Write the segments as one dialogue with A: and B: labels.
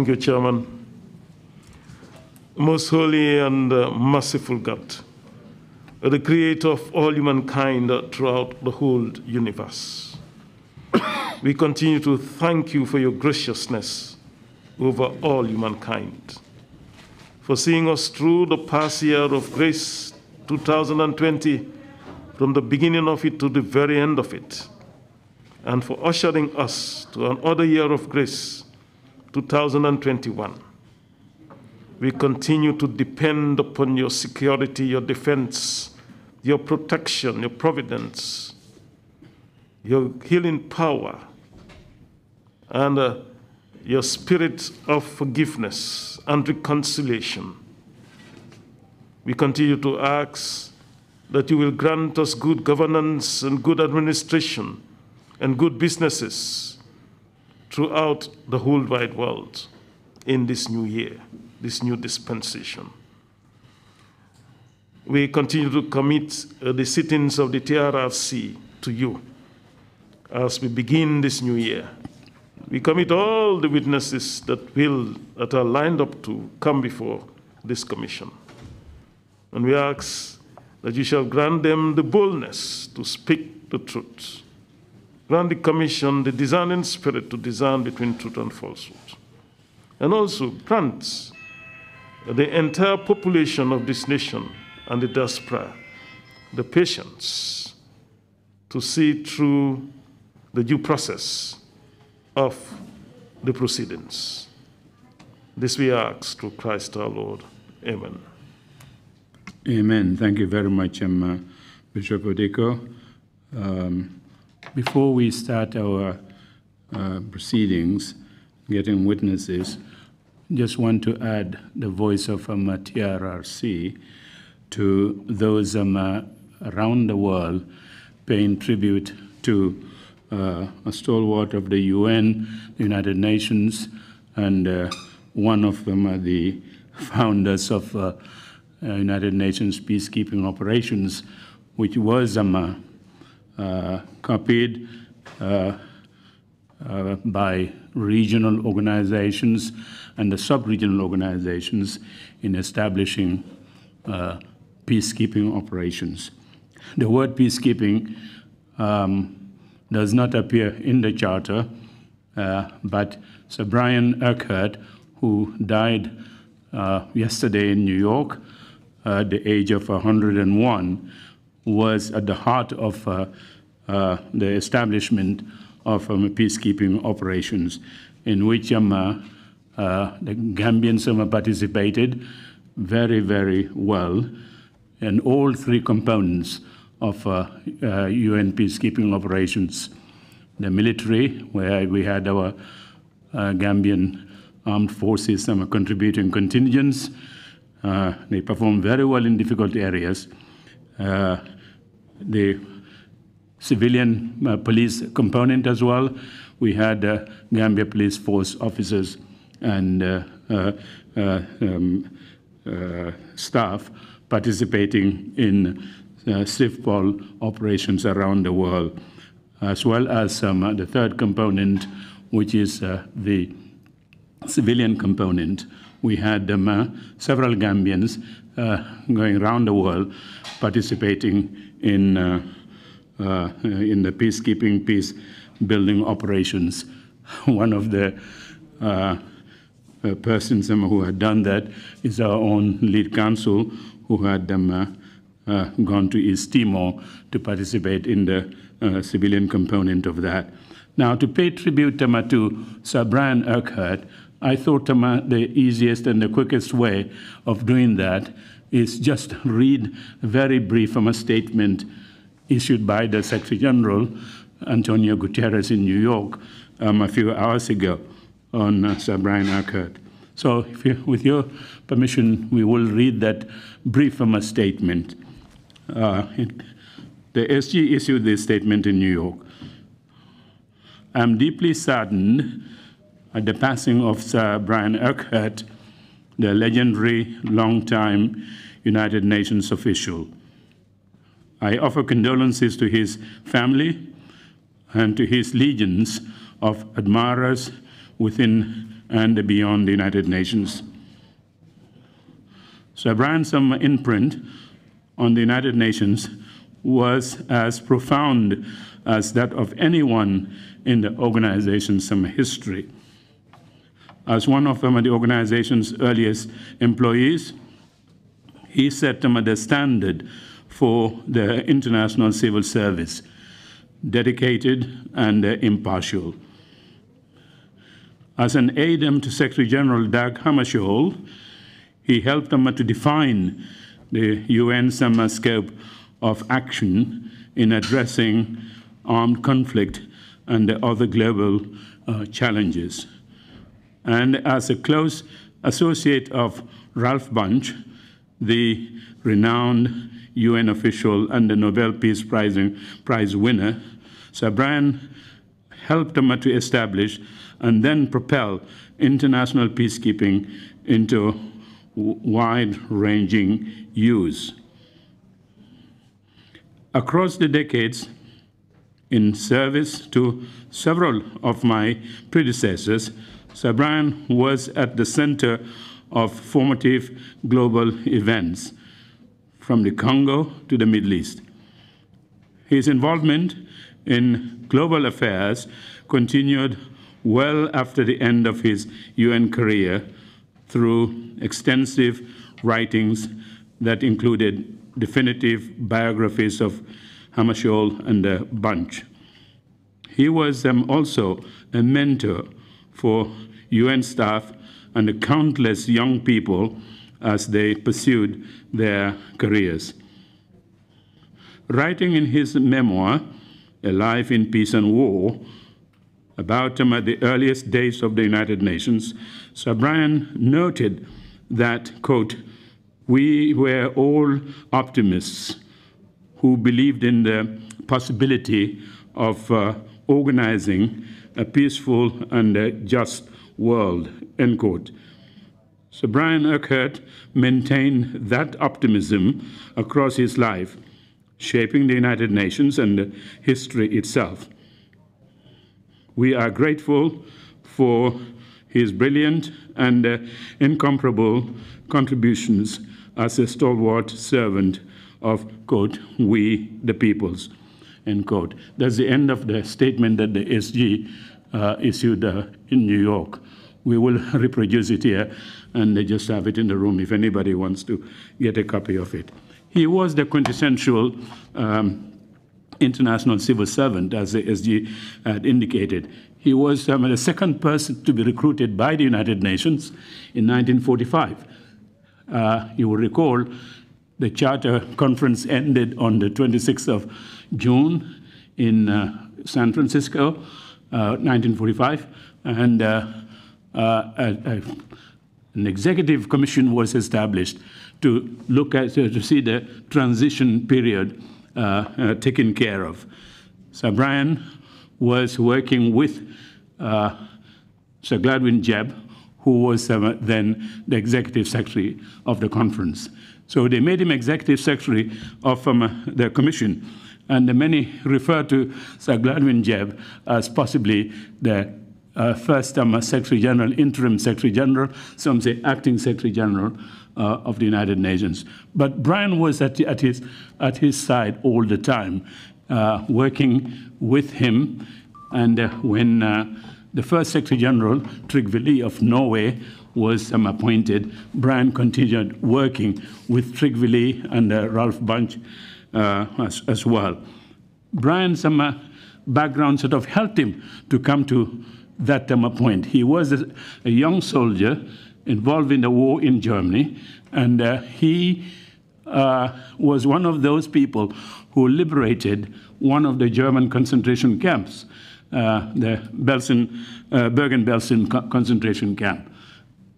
A: Thank you, Chairman. Most holy and uh, merciful God, the creator of all humankind throughout the whole universe, we continue to thank you for your graciousness over all humankind, for seeing us through the past year of grace 2020, from the beginning of it to the very end of it, and for ushering us to another year of grace 2021, we continue to depend upon your security, your defense, your protection, your providence, your healing power, and uh, your spirit of forgiveness and reconciliation. We continue to ask that you will grant us good governance and good administration and good businesses throughout the whole wide world in this new year, this new dispensation. We continue to commit uh, the sittings of the TRRC to you as we begin this new year. We commit all the witnesses that will that are lined up to come before this commission. And we ask that you shall grant them the boldness to speak the truth grant the commission the discerning spirit to discern between truth and falsehood. And also grant the entire population of this nation and the diaspora the patience to see through the due process of the proceedings. This we ask through Christ our Lord. Amen.
B: Amen. Thank you very much, Emma. Um, uh, Bishop Odeko. Um, before we start our uh, proceedings, getting witnesses, just want to add the voice of um, TRRC to those um, uh, around the world paying tribute to uh, a stalwart of the UN, the United Nations, and uh, one of them are the founders of uh, uh, United Nations peacekeeping operations, which was um, uh, copied uh, uh, by regional organizations and the sub-regional organizations in establishing peacekeeping operations. The word peacekeeping um, does not appear in the charter, uh, but Sir Brian Urquhart, who died uh, yesterday in New York at the age of 101, was at the heart of uh, uh, the establishment of um, peacekeeping operations, in which um, uh, uh, the Gambians um, participated very, very well in all three components of UN uh, peacekeeping operations. The military, where we had our Gambian armed forces um, contributing contingents. they performed very well in difficult areas. Uh, the civilian uh, police component as well. We had uh, Gambia Police Force officers and um, staff participating in uh, SIFPOL operations around the world, as well as um, the third component, which is uh, the civilian component. We had um, uh, several Gambians uh, going around the world participating in, uh, uh, in the peacekeeping, peace building operations. One of the uh, persons um, who had done that is our own lead counsel who had um, gone to East Timor to participate in the civilian component of that. Now, to pay tribute um, to Sir Brian Urquhart, I thought um, the easiest and the quickest way of doing that is just read very brief from a statement issued by the Secretary General, Antonio Guterres in New York, um, a few hours ago on uh, Sir Brian Urquhart. So you, with your permission, we will read that brief from a statement. Uh, the SG issued this statement in New York. I'm deeply saddened at the passing of Sir Brian Urquhart, the legendary long-time United Nations official. I offer condolences to his family and to his legions of admirers within and beyond the United Nations. Sir Branson's imprint on the United Nations was as profound as that of anyone in the organization's history as one of um, the organization's earliest employees, he set um, the standard for the international civil service, dedicated and uh, impartial. As an aide to Secretary General Dag Hammarskjöld, he helped them to define the UN summer scope of action in addressing armed conflict and other global uh, challenges and as a close associate of Ralph Bunche, the renowned UN official and the Nobel Peace Prize, Prize winner, Sir Brian helped him to establish and then propel international peacekeeping into wide-ranging use. Across the decades, in service to several of my predecessors, Sabran was at the center of formative global events from the Congo to the Middle East. His involvement in global affairs continued well after the end of his UN career through extensive writings that included definitive biographies of Hammarskjöld and a bunch. He was um, also a mentor for UN staff and the countless young people as they pursued their careers. Writing in his memoir, A Life in Peace and War, about him at the earliest days of the United Nations, Sir Brian noted that, quote, we were all optimists who believed in the possibility of uh, organizing a peaceful and a just world, end quote. So Brian Urquhart maintained that optimism across his life, shaping the United Nations and history itself. We are grateful for his brilliant and uh, incomparable contributions as a stalwart servant of, quote, we the peoples end quote. That's the end of the statement that the SG uh, issued uh, in New York. We will reproduce it here, and they just have it in the room if anybody wants to get a copy of it. He was the quintessential um, international civil servant, as the SG had indicated. He was um, the second person to be recruited by the United Nations in 1945. Uh, you will recall the charter conference ended on the 26th of June in uh, San Francisco, 1945, uh, and uh, an executive commission was established to look at to see the transition period taken care of. Sir Brian was working with Sir Gladwin Jebb, who was uh, then the executive secretary of the conference. So they made him executive secretary of um, the commission and many refer to Sir Gladwin Jebb as possibly the uh, first um, Secretary General, interim Secretary General, some say acting Secretary General uh, of the United Nations. But Brian was at, at, his, at his side all the time, uh, working with him. And uh, when uh, the first Secretary General, Tryggvi of Norway, was um, appointed, Brian continued working with Tryggvi and uh, Ralph Bunch uh, as, as, well. Brian, some uh, background sort of helped him to come to that um, point. He was a, a, young soldier involved in the war in Germany, and uh, he uh, was one of those people who liberated one of the German concentration camps, uh, the Belsen, uh, Bergen-Belsen co concentration camp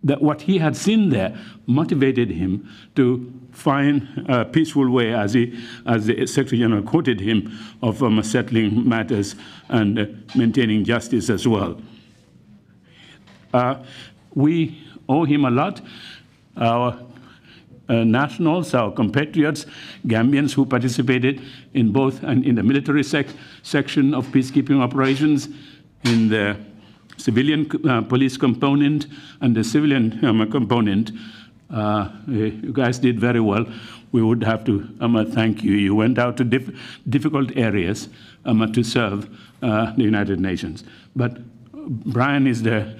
B: that what he had seen there motivated him to find a peaceful way, as, he, as the Secretary General quoted him, of um, settling matters and uh, maintaining justice as well. Uh, we owe him a lot. Our uh, nationals, our compatriots, Gambians who participated in both and in the military sec section of peacekeeping operations, in the civilian uh, police component and the civilian um, component, uh, eh, you guys did very well. We would have to um, thank you. You went out to difficult areas um, to serve uh, the United Nations. But Brian is the,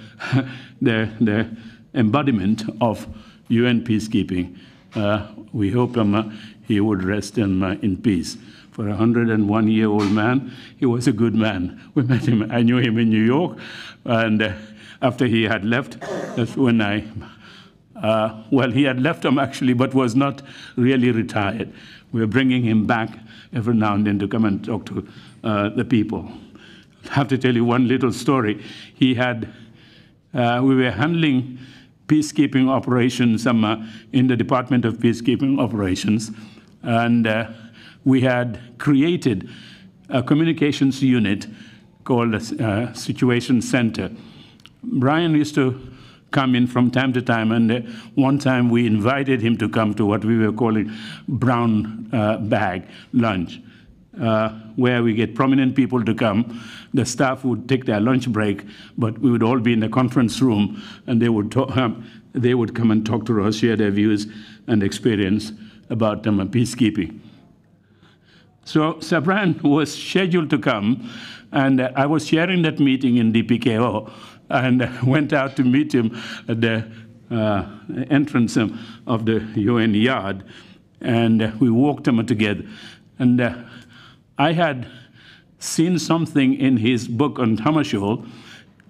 B: the, the embodiment of UN peacekeeping. Uh, we hope he would rest in peace for a 101 year old man, he was a good man. We met him, I knew him in New York, and uh, after he had left, that's when I, uh, well, he had left him actually, but was not really retired. We were bringing him back every now and then to come and talk to uh, the people. I have to tell you one little story. He had, uh, we were handling peacekeeping operations um, in the Department of Peacekeeping Operations, and uh, we had created a communications unit called a uh, Situation Center. Brian used to come in from time to time, and uh, one time we invited him to come to what we were calling brown uh, bag lunch, uh, where we get prominent people to come. The staff would take their lunch break, but we would all be in the conference room, and they would talk, um, they would come and talk to us, share their views and experience about um, peacekeeping. So Sabran was scheduled to come, and uh, I was sharing that meeting in DPKO and uh, went out to meet him at the uh, entrance of the UN yard, and we walked him together. And uh, I had seen something in his book on Hamashul,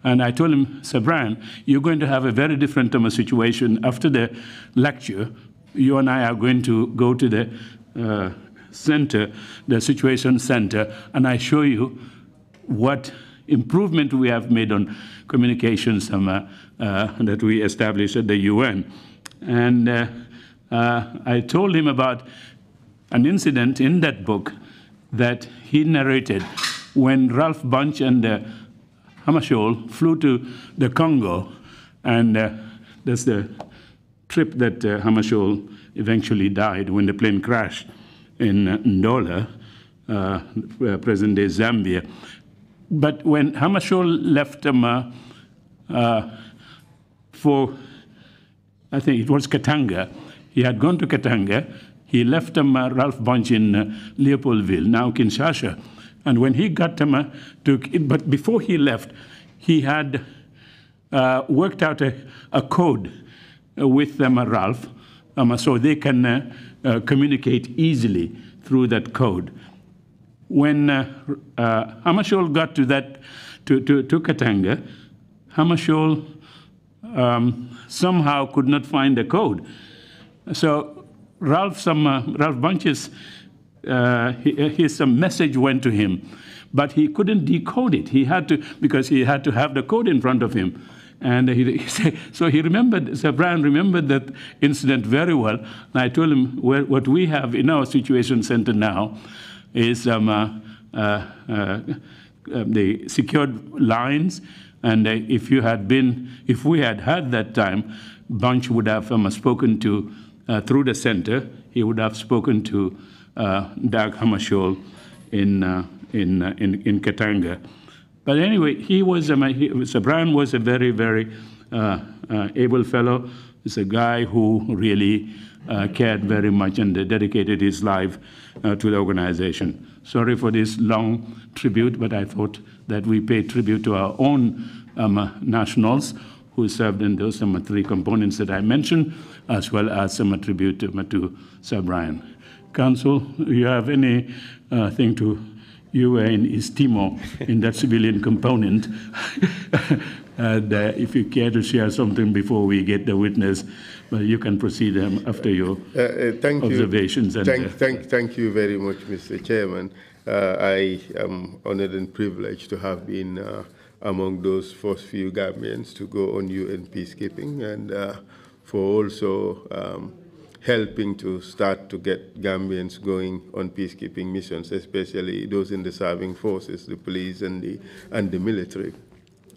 B: and I told him, Sabran, you're going to have a very different um, situation after the lecture. You and I are going to go to the uh, center, the situation center, and I show you what improvement we have made on communications um, uh, uh, that we established at the UN. And uh, uh, I told him about an incident in that book that he narrated when Ralph Bunch and uh, Hamashol flew to the Congo, and uh, that's the trip that uh, Hamashol eventually died when the plane crashed in Ndola, uh, present day Zambia. But when Hamashol left um, uh, for, I think it was Katanga, he had gone to Katanga, he left um, Ralph Bunch in uh, Leopoldville, now Kinshasa. And when he got um, to, but before he left, he had uh, worked out a, a code with um, Ralph um, so they can uh, uh, communicate easily through that code. When uh, uh, Hamashol got to that, to, to, to Katanga, Hamashol um, somehow could not find the code. So Ralph, some, uh, Ralph Bunches, uh, his some message went to him, but he couldn't decode it. He had to, because he had to have the code in front of him. And he, he said, so he remembered, remembered that incident very well. And I told him, well, what we have in our situation center now is um, uh, uh, uh, um, the secured lines. And uh, if you had been, if we had had that time, Bunch would have um, spoken to, uh, through the center, he would have spoken to uh, Doug Hammarskjöld in, in, in, in Katanga. But anyway, he was a, he, was a very, very uh, uh, able fellow. He's a guy who really uh, cared very much and dedicated his life uh, to the organization. Sorry for this long tribute, but I thought that we pay tribute to our own um, nationals who served in those um, three components that I mentioned, as well as some um, tribute to, um, to Sir Brian. Council, you have anything uh, to you were in Istimo in that civilian component. and uh, if you care to share something before we get the witness, well, you can proceed um, after your
C: uh, uh thank observations. You. And, thank, uh, thank, thank you very much, Mr. Chairman. Uh, I am honored and privileged to have been among those first few Gambians to go on UN peacekeeping and for also um, helping to start to get Gambians going on peacekeeping missions, especially those in the serving forces, the police and the, and the military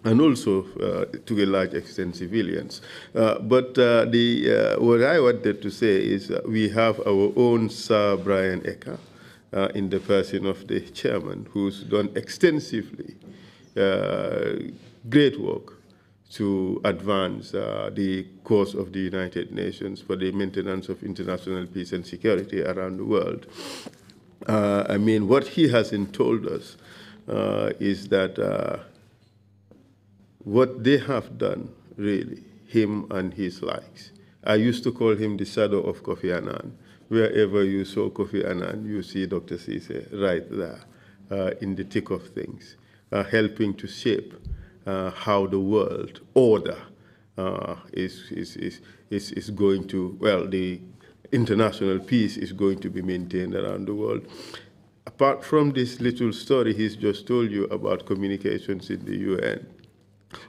C: and also uh, to a large extent civilians. Uh, but uh, the, uh, what I wanted to say is uh, we have our own Sir Brian Ecker uh, in the person of the chairman who's done extensively great work to advance uh, the cause of the United Nations for the maintenance of international peace and security around the world. Uh, I mean, what he hasn't told us uh, is that uh, what they have done, really, him and his likes. I used to call him the shadow of Kofi Annan. Wherever you saw Kofi Annan, you see Dr. Sise right there uh, in the thick of things, uh, helping to shape uh, how the world order uh, is, is, is, is, is going to, well, the international peace is going to be maintained around the world. Apart from this little story he's just told you about communications in the UN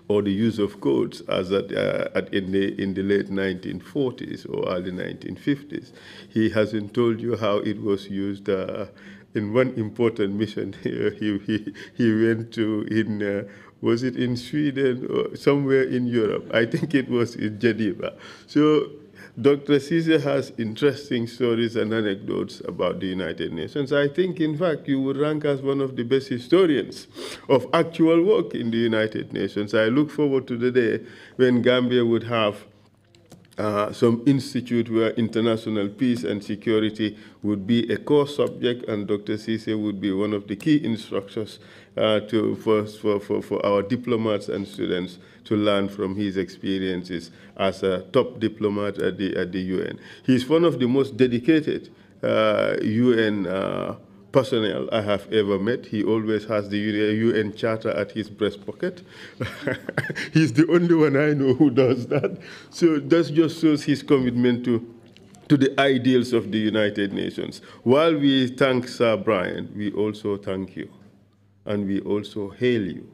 C: or the use of codes as at, uh, at in, the, in the late 1940s or early 1950s, he hasn't told you how it was used uh, in one important mission he, he, he went to in uh, was it in Sweden or somewhere in Europe? I think it was in Geneva. So Dr. Caesar has interesting stories and anecdotes about the United Nations. I think, in fact, you would rank as one of the best historians of actual work in the United Nations. I look forward to the day when Gambia would have uh, some institute where international peace and security would be a core subject, and Dr. Sise would be one of the key instructors uh, to, for, for, for our diplomats and students to learn from his experiences as a top diplomat at the, at the UN. He's one of the most dedicated uh, UN uh, personnel I have ever met. He always has the UN Charter at his breast pocket. He's the only one I know who does that. So that just shows his commitment to to the ideals of the United Nations. While we thank Sir Brian, we also thank you. And we also hail you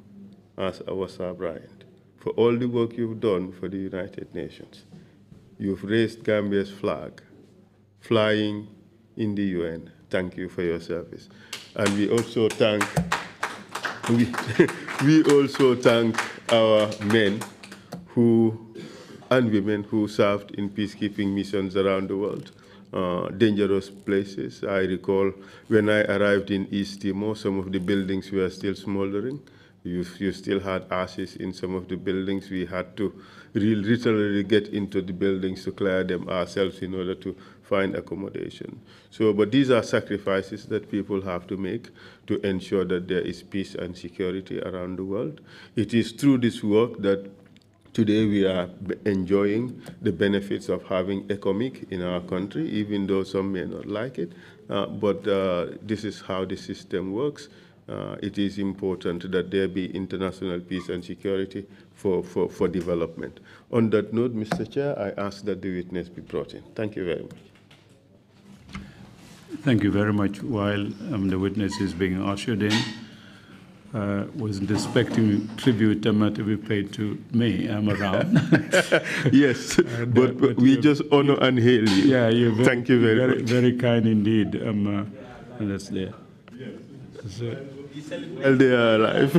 C: as our Sir Brian for all the work you've done for the United Nations. You've raised Gambia's flag, flying in the UN thank you for your service. And we also thank we, we also thank our men who and women who served in peacekeeping missions around the world. Uh, dangerous places. I recall when I arrived in East Timor, some of the buildings were still smoldering. You, you still had ashes in some of the buildings. We had to literally get into the buildings to clear them ourselves in order to find accommodation. So, but these are sacrifices that people have to make to ensure that there is peace and security around the world. It is through this work that Today we are enjoying the benefits of having ECOMIC in our country, even though some may not like it. Uh, but uh, this is how the system works. Uh, it is important that there be international peace and security for, for, for development. On that note, Mr. Chair, I ask that the witness be brought in. Thank you very much. Thank
B: you very much. While um, the witness is being ushered in, uh, wasn't expecting tribute amount to be paid to me. I'm around. yes, and, but, uh, but, we just honor and hail you. Yeah, you. Thank you very, very much. Very kind indeed. Um, uh, and that's there. So, well, they are alive.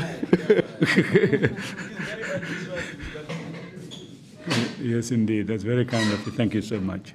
B: yes, indeed. That's very kind of you. Thank you so much.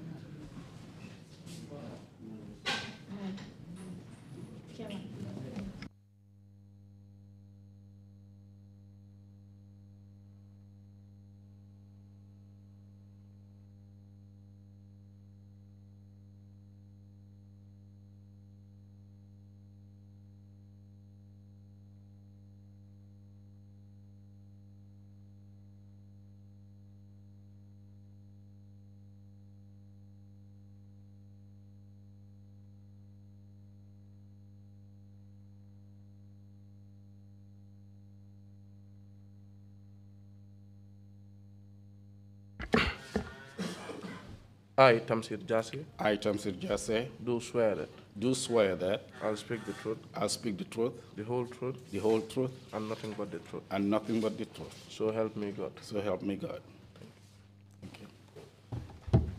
D: I, Tamsir Jase. I, Tamsir Jase. Do swear that. Do swear that. I'll speak the truth. I'll speak the truth. The whole truth. The whole truth. And nothing but the truth. And nothing but the truth. So help me God. So help me God. Thank you.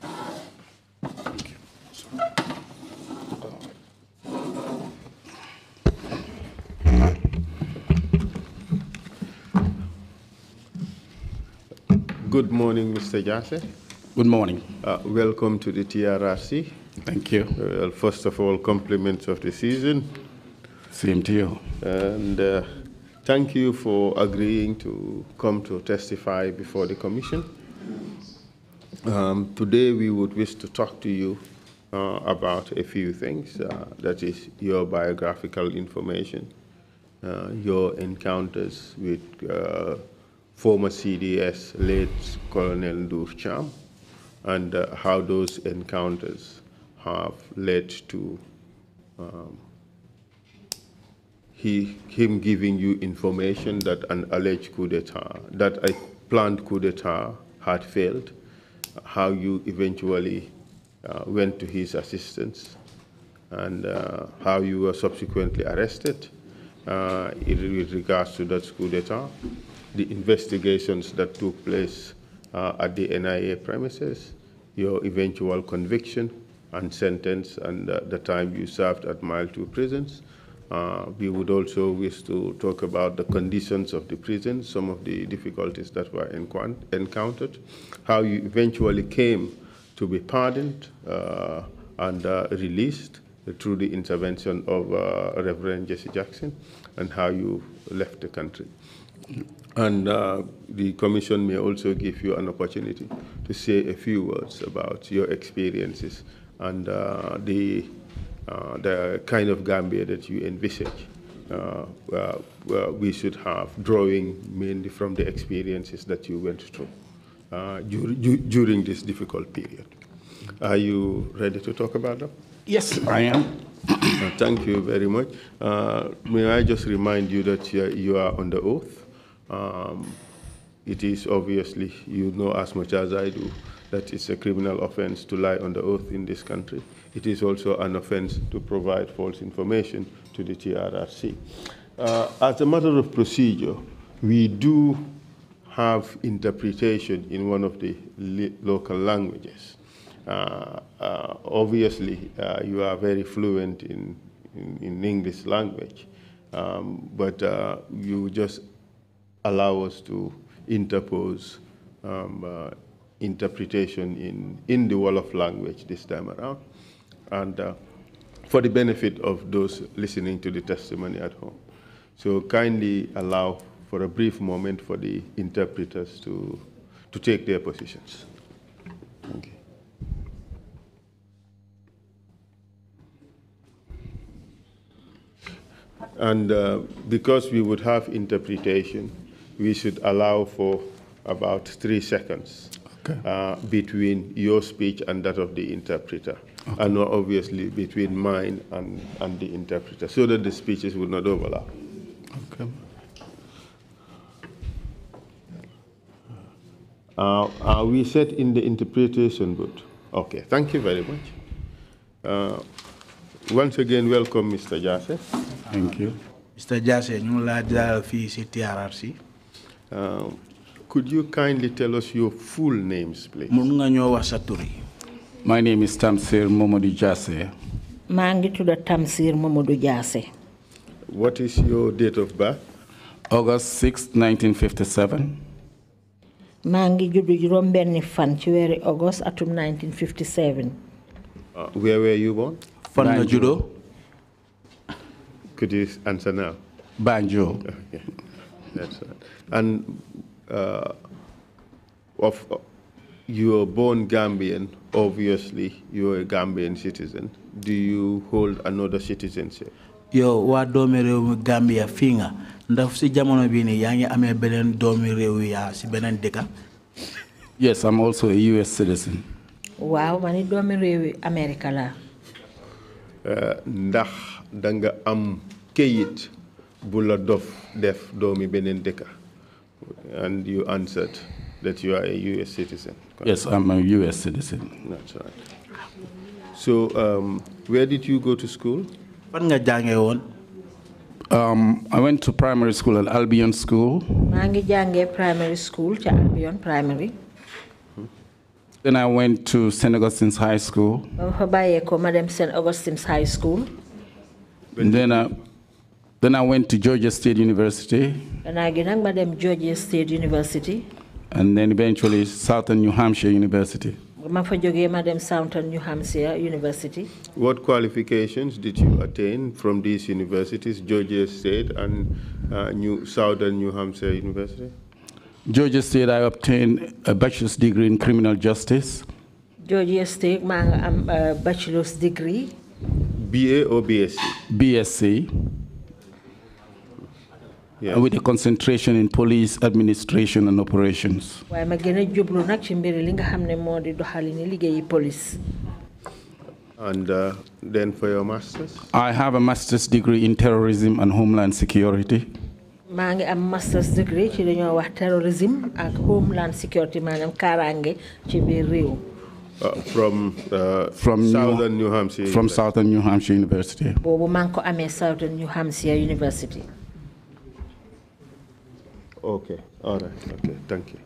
D: Thank
C: you. Good morning, Mr. Jase. Good morning. Uh, welcome to the TRRC. Thank you. Uh, first of all, compliments of the season. Same to you. And uh, thank you for agreeing to come to testify before the Commission. Um, today we would wish to talk to you uh, about a few things, uh, that is your biographical information, uh, your encounters with uh, former CDS late Colonel Durcham, and uh, how those encounters have led to um, he, him giving you information that an alleged coup d'etat, that a planned coup d'etat had failed, how you eventually uh, went to his assistance, and uh, how you were subsequently arrested uh, regards to that coup d'etat, the investigations that took place uh, at the NIA premises, your eventual conviction and sentence and uh, the time you served at Mile 2 prisons. Uh, we would also wish to talk about the conditions of the prison, some of the difficulties that were encountered, how you eventually came to be pardoned uh, and uh, released through the intervention of uh, Reverend Jesse Jackson, and how you left the country. And uh, the commission may also give you an opportunity to say a few words about your experiences and uh, the, uh, the kind of Gambia that you envisage. Uh, uh, uh, we should have drawing mainly from the experiences that you went through dur dur during this difficult period. Are you ready to talk about them? Yes, I am. thank you very much. may I just remind you that you are, you are on the oath? Um, it is obviously, you know as much as I do, that it's a criminal offense to lie on the oath in this country. It is also an offense to provide false information to the TRRC. Uh, as a matter of procedure, we do have interpretation in one of the local languages. Uh, uh, obviously, uh, you are very fluent in, in, in English language, um, but uh, you just allow us to interpose um, uh, interpretation in, in the Wolof language this time around, and uh, for the benefit of those listening to the testimony at home. So kindly allow for a brief moment for the interpreters to, to take their positions. And uh, because we would have interpretation, we should allow for about three seconds okay. uh, between your speech and that of the interpreter. Okay. And obviously between mine and, and the interpreter, so that the speeches will not overlap. Okay. Uh, are we set in the interpretation booth. Okay, thank you very much. Uh, once again, welcome Mr. Jase. Thank you. Mr. Jase, ñu ngi the dalal
D: um, could you kindly tell us your full names, please? My name is Tamsir Momodou Jase.
E: Mangi to the Tamsir Momodou Jase.
D: What is your date of birth? August 6, 1957.
E: Mangi juddu juroom benn August atum 1957.
D: Uh, where were you born? From nga
C: Could you answer now? Banjo. Okay. That's right and uh, of you were born Gambian, obviously you are a Gambian citizen. Do you hold another
D: citizenship?
F: Yo wa doomi réew Gambia fii nga ndax si jamono bii nii yaa ngi amee beneen doomi réew si beneen dëkka.
D: yes I'm also a US citizen.
E: Wow, mani ni doomi réew Amerika
D: uh,
C: ndax da am këyit bu dof def domi beneen dëkka. And you answered that you are a U.S. citizen. Yes, I'm a
D: U.S. citizen. That's right.
C: So, um, where did you go to
D: school? Um, I went to primary school at Albion School.
E: primary school Albion Primary.
D: Then I went to St. Augustine's High School.
E: Madam St. Augustine's High School.
D: And then I, uh, then I went to Georgia State University.
E: And I Georgia State University.
D: And then eventually Southern New Hampshire University.
E: Madam Southern New Hampshire University.
D: What qualifications
C: did you attain from these universities, Georgia State and uh, New Southern
D: New Hampshire University? Georgia State, I obtained a bachelor's degree in criminal justice.
E: Georgia State, my um, uh, bachelor's degree.
D: BA or BSc? BSc. Yeah. with a concentration in police administration and operations.
E: And
C: uh, then for your master's?
D: I have a master's degree in terrorism and homeland security.
E: maa master's degree ci li ñoo terrorism and homeland security maanaam kaaraange ci uh,
C: from uh, from Southern New Hampshire. from Southern New Hampshire University.
E: boobu manko ame Southern New Hampshire University.
C: Okay. All right. Okay. Thank you.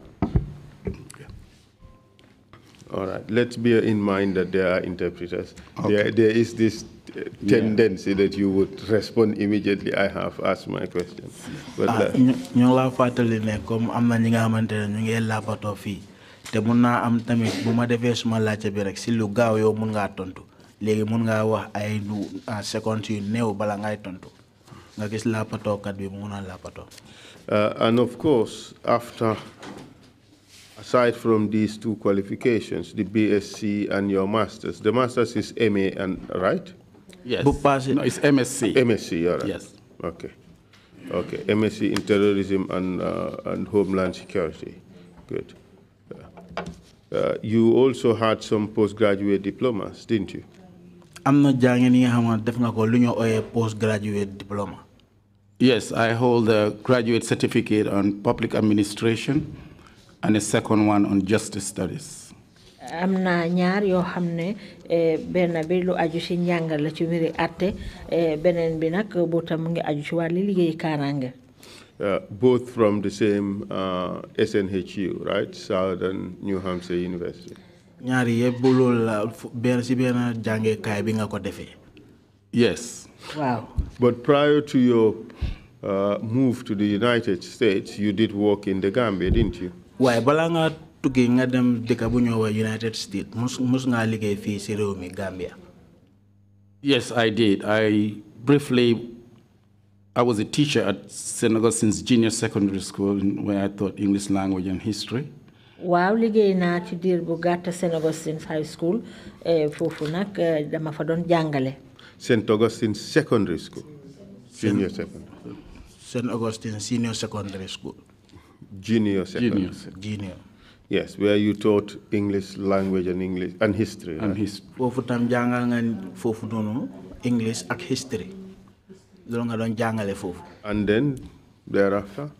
C: All right. Let's bear in mind that there are interpreters. Okay. There, there is this tendency yeah. that you would respond immediately. I have asked my question. Ah, but ñu
F: ngi laa fàttali ne comme am na ñi nga xamante ne ñu ngi te mun naa am tamit bu ma defee suma laajte bi rek si lu gaaw yow mun ngaa tontu léegi mun ngaa wax ay lu secondes yu néew bala ngay tontu nga gis laapatookat bi mu mun a laapatoo.
C: Uh, and of course, after, aside from these two qualifications, the BSc and your master's, the master's is MA, and right? Yes. Book passing. No, it's MSc. MSc, all right. Yes. Okay. Okay. MSc in terrorism and, uh, and homeland security. Good. Uh, uh, you also had some postgraduate diplomas, didn't you?
F: I'm not you i am not young any nga xamantene def definitely ko luñu uh, postgraduate diploma.
D: Yes, I hold a graduate certificate on public administration and a second one on justice studies.
E: am na ñaar yoo xam ne eh, benn bi lu aju ci njàngal la ci mbiri àtte eh, beneen bi nag bu tam mu aju ci wàlli liggéey kaaraange.
C: Uh, both from the same uh, SNHU right Southern New Hampshire University.
F: ñaar yëpp loolu la benn ci benn jàngeekaay
C: yes. Wow. But prior to your uh, move to the United States, you did work in the Gambia, didn't you?
F: waaye balaa ngaa tukki nga United States mus mus ngaa liggéey fii si mi Gambia.
D: Yes, I did. I briefly, I was a teacher at Senegal since Junior Secondary School where I taught English language and history.
E: Wow, liggéey naa ci diir bu gàtt High School eh, fufunak damafadon eh, dama fa jàngale.
D: St.
C: Augustine Secondary School. Senior Secondary. St. Augustine Senior Secondary School. Junior Secondary. Junior. Junior. Yes, where you taught English language and English and history. And right? history.
F: English ak history.
D: And then thereafter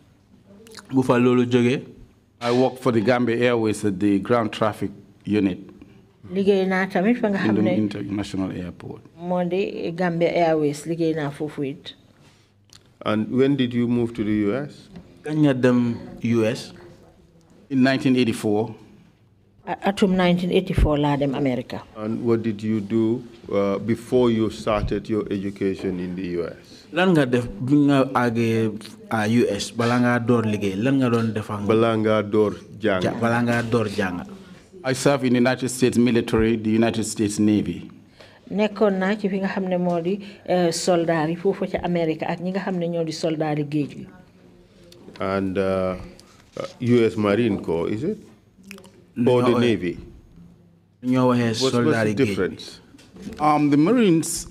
D: I worked for the Gambia Airways at the ground traffic unit
E: liggéey naa tamit fa nga xam
D: international airport
E: moo di Gambia Airways liggéey naa foofu it
C: and when did you move to the US kañ nga dem US in 1984
E: atum 1984 la dem America
C: and what did you do uh, before you started your education in the US lan nga def
F: bi nga àggee
C: US balaa
D: ngaa door liggéey lan nga doon defar balaa ngaa door jàng balaa ngaa door jàng I serve in the United States military, the United States Navy.
E: nekkoon naa ci fi nga xam ne moo eh, yi foofu ci ak ñi nga ñoo di yi géej
C: and U.S. Uh, uh, Marine Corps is it. or the Navy.
D: ñoo waxee soldaar yi géej what's the difference. um the Marines.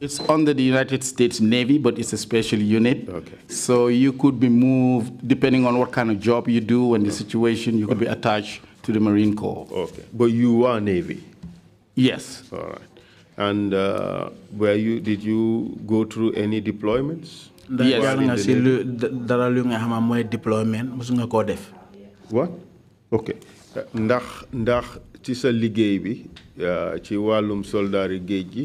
D: It's under the United States Navy, but it's a special unit. Okay. So you could be moved depending on what kind of job you do and the situation. You could be attached to the Marine Corps. Okay. But you are Navy? Yes. All right. And uh,
C: you? Did you go through any deployments? yes. nga deployment what ok ndax ndax ci sa liggéey bi uh, ci wàllum soldaari géej gi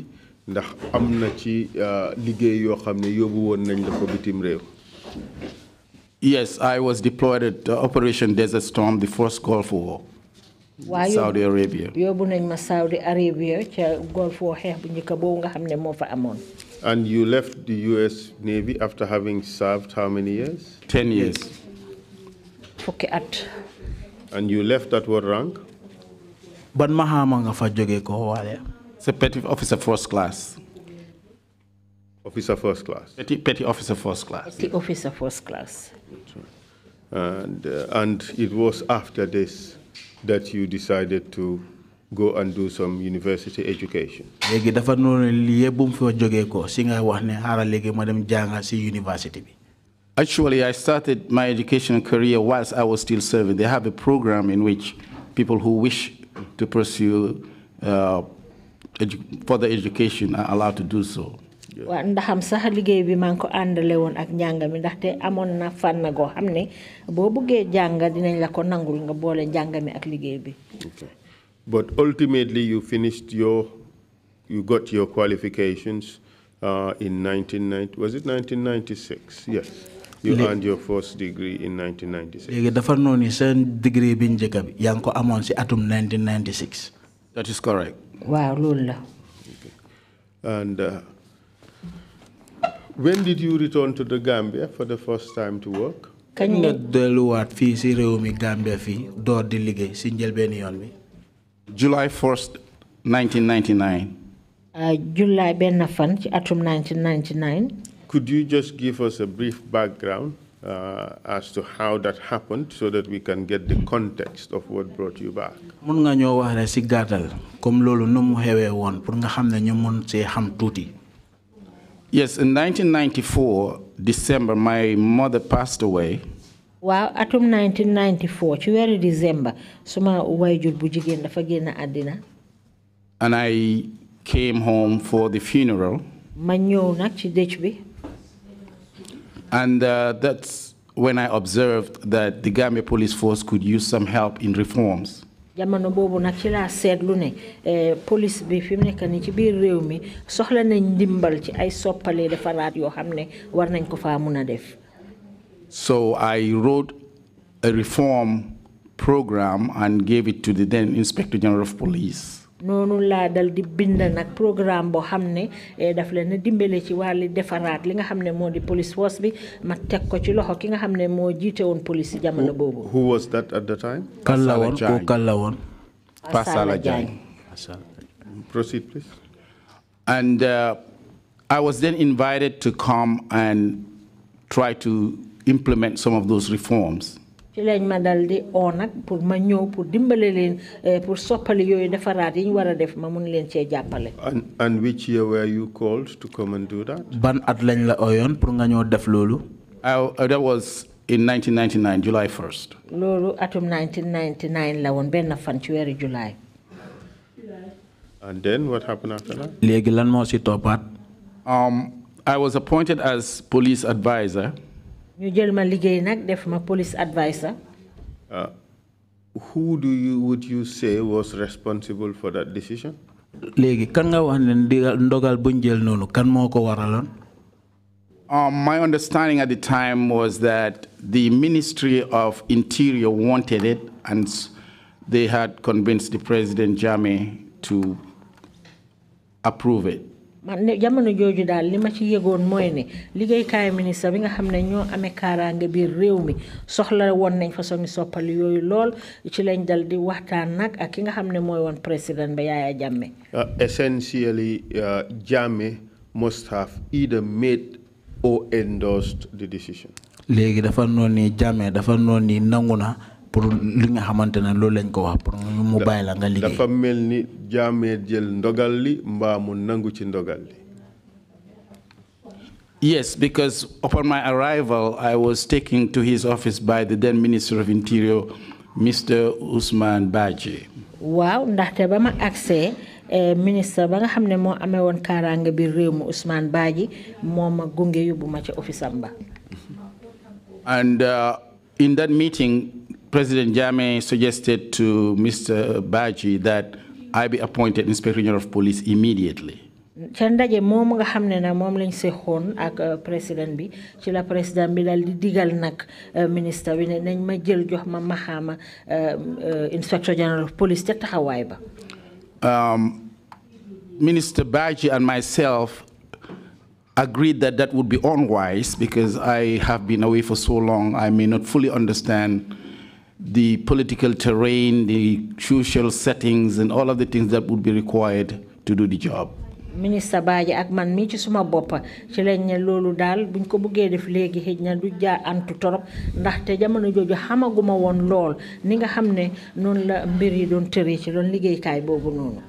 C: ndax am
D: na ci uh, liggéey yoo xam ne yóbbu woon nañ la ko bitim réew. Yes, I was deployed at uh, Operation Desert Storm, the first Gulf War. Saudi Arabia
E: yóbbu nañ ma Saudi Arabia ca golf woo xeex bu njëkk nga fa
C: and you left the U.S. Navy after having served how many years. ten years.
E: fukki at.
C: and you left at what rank.
D: ban mahama nga fa jógee ko wale. c' petit officer first class. officer first class. Petty, officer first class.
C: Petty
E: officer first class.
C: And, uh, and it was after this that you decided to go and do some university education.
F: Legi dafa noonu lii fi jógee ko si nga wax ne ma dem jànga si university bi.
D: Actually, I started my education career whilst I was still serving. They have a program in which people who wish to pursue uh, edu further education are allowed to do so
E: sax liggéey bi maa ngi ko àndale woon ak ndaxte amoon na fànn goo xam ne boo jàng dinañ la ko nangul nga boole ak liggéey bi.
C: But ultimately you finished your you got your qualifications uh, in 1990 was it 1996 yes. you earned your first degree in 1996. léegi dafa
F: noonu seen degree in njëkk bi yaa ngi ko amoon si atum 1996.
C: that is correct.
E: waaw loolu la.
C: and. Uh, when did you return to the Gambia for the first time to work? kañ nga delluwaat fii si réew mi Gambia fi door di liggéey si njëlbeen yoon bi. July 1st 1999.
E: Ah, July ben fan ci atum 1999.
C: Could you just give us a brief background uh, as to how that happened so that we can get the context of what brought you back.
E: mun
F: nga ñoo wax rek si gàttal comme loolu nu mu xewee woon pour nga xam ñu mun see xam tuuti.
D: Yes, in 1994, December, my mother passed away.
E: Well, atum 1994 ci in December So my wife jigéen dafa génn àddina.
D: and I came home for the funeral. and uh, that's when I observed that the Gambia Police Force could use some help in reforms
E: jamono ci ne eh, police bi fi ci mi soxla nañ ci ay soppale war nañ ko def.
D: So I wrote a reform program and gave it to the then Inspector General of Police
E: dal di bind programme eh, daf leen ci defaraat li nga police force bi ma ko ci loxo ki nga police jamono
C: who was that at the time.
D: kan la woon
E: la
D: proceed please. and uh, I was then invited to come and try to implement some of those reforms
E: ci lañ ma pour ma ñëw pour dimbale leen eh, pour soppali defaraat yi ñu def ma mun leen jàppale.
C: and and which year were you called
D: to come and do that. ban at lañ la ooyoon pour nga ñëw def uh, that was in 1999 July 1st.
E: loolu atum 1999 la woon benn fan ci July.
C: and then what happened after that.
D: léegi lan moo si toppaat. Um, I was appointed as police advisor
E: ñu jël ma liggéey nag def ma police advisor.
D: Uh, who do you would you say was responsible for that decision.
F: léegi kan nga wax ne ndogal buñ jël noonu kan moo ko waraloon.
D: Um, my understanding at the time was that the Ministry of Interior wanted it, and they had convinced the President Jame to approve it.
E: man jamono jooju daal li ma ci yëgoon mooy ni liggéeykaay ministre bi nga xam ne ñoo amee kaaraange biir réew mi soxla woon nañ façon soppali yooyu lool ci lañ dal di waxtaan nag ak ki nga xam ne mooy woon président ba Yaya Jammeh.
C: Euh, essentially, euh, Jammeh must have either made or endorsed the decision. léegi dafa noonu
F: ni Jammeh dafa noon nii nangu na. pour li nga xamante ne loolu lañ ko wax pour mu bàyyi la nga liggéey.
C: dafa mel ni jaamee jël ndogal li mbaa mu nangu ci ndogal li.
D: Yes, because upon my arrival, I was taken to his office by the then Minister of Interior, Mr. Ousmane Badji.
E: waaw ndaxte ba ma agsee eh, ministre ba nga xam ne moo amee woon kaaraange bi réew mi Ousmane Badji moo ma gunge yóbbu ma office am ba.
D: Uh, President Jame suggested to Mr. Baji that I be appointed Inspector General of Police immediately.
E: Chanda, je moom nga xam ne nag moom lañ seexoon ak euh, président bi ci la président bi daal di digal nag euh, ministre bi ne nañ ma jël jox ma maxaama euh, Inspector General of Police ca taxawaay ba.
D: Um, Minister Baji and myself agreed that that would be unwise because I have been away for so long I may not fully understand the political terrain, the social settings, and all of the things that would be required to do the job.
E: ak man ci suma ci lañ ne buñ ko bëggee def léegi xëj na du antu torop jamono jooju xamaguma woon lool ni nga xam ne noonu la mbir yi doon tëree ci doon liggéeykaay boobu noonu.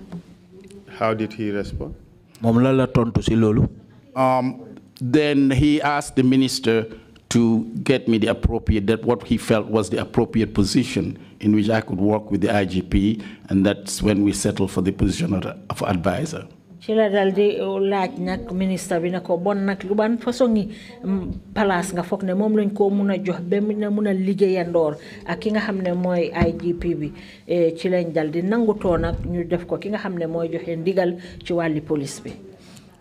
D: how did he respond. moom lan la tontu si loolu. Um, then he asked the minister to get me the appropriate, that what he felt was the appropriate position in which I could work with the IGP, and that's when we settled for the position of, of advisor.
E: ci la dal di oh, laaj nag ministre bi ne ko bon nag lu ban façon ngi mm, place nga foog ne moom lañ koo mun jox ba na mun a liggéeyandoor ak ki nga xam ne IGP bi eh, ci lañ dal di nangutoo nag ñu def ko ki nga xam ne joxe ndigal ci wàlli police bi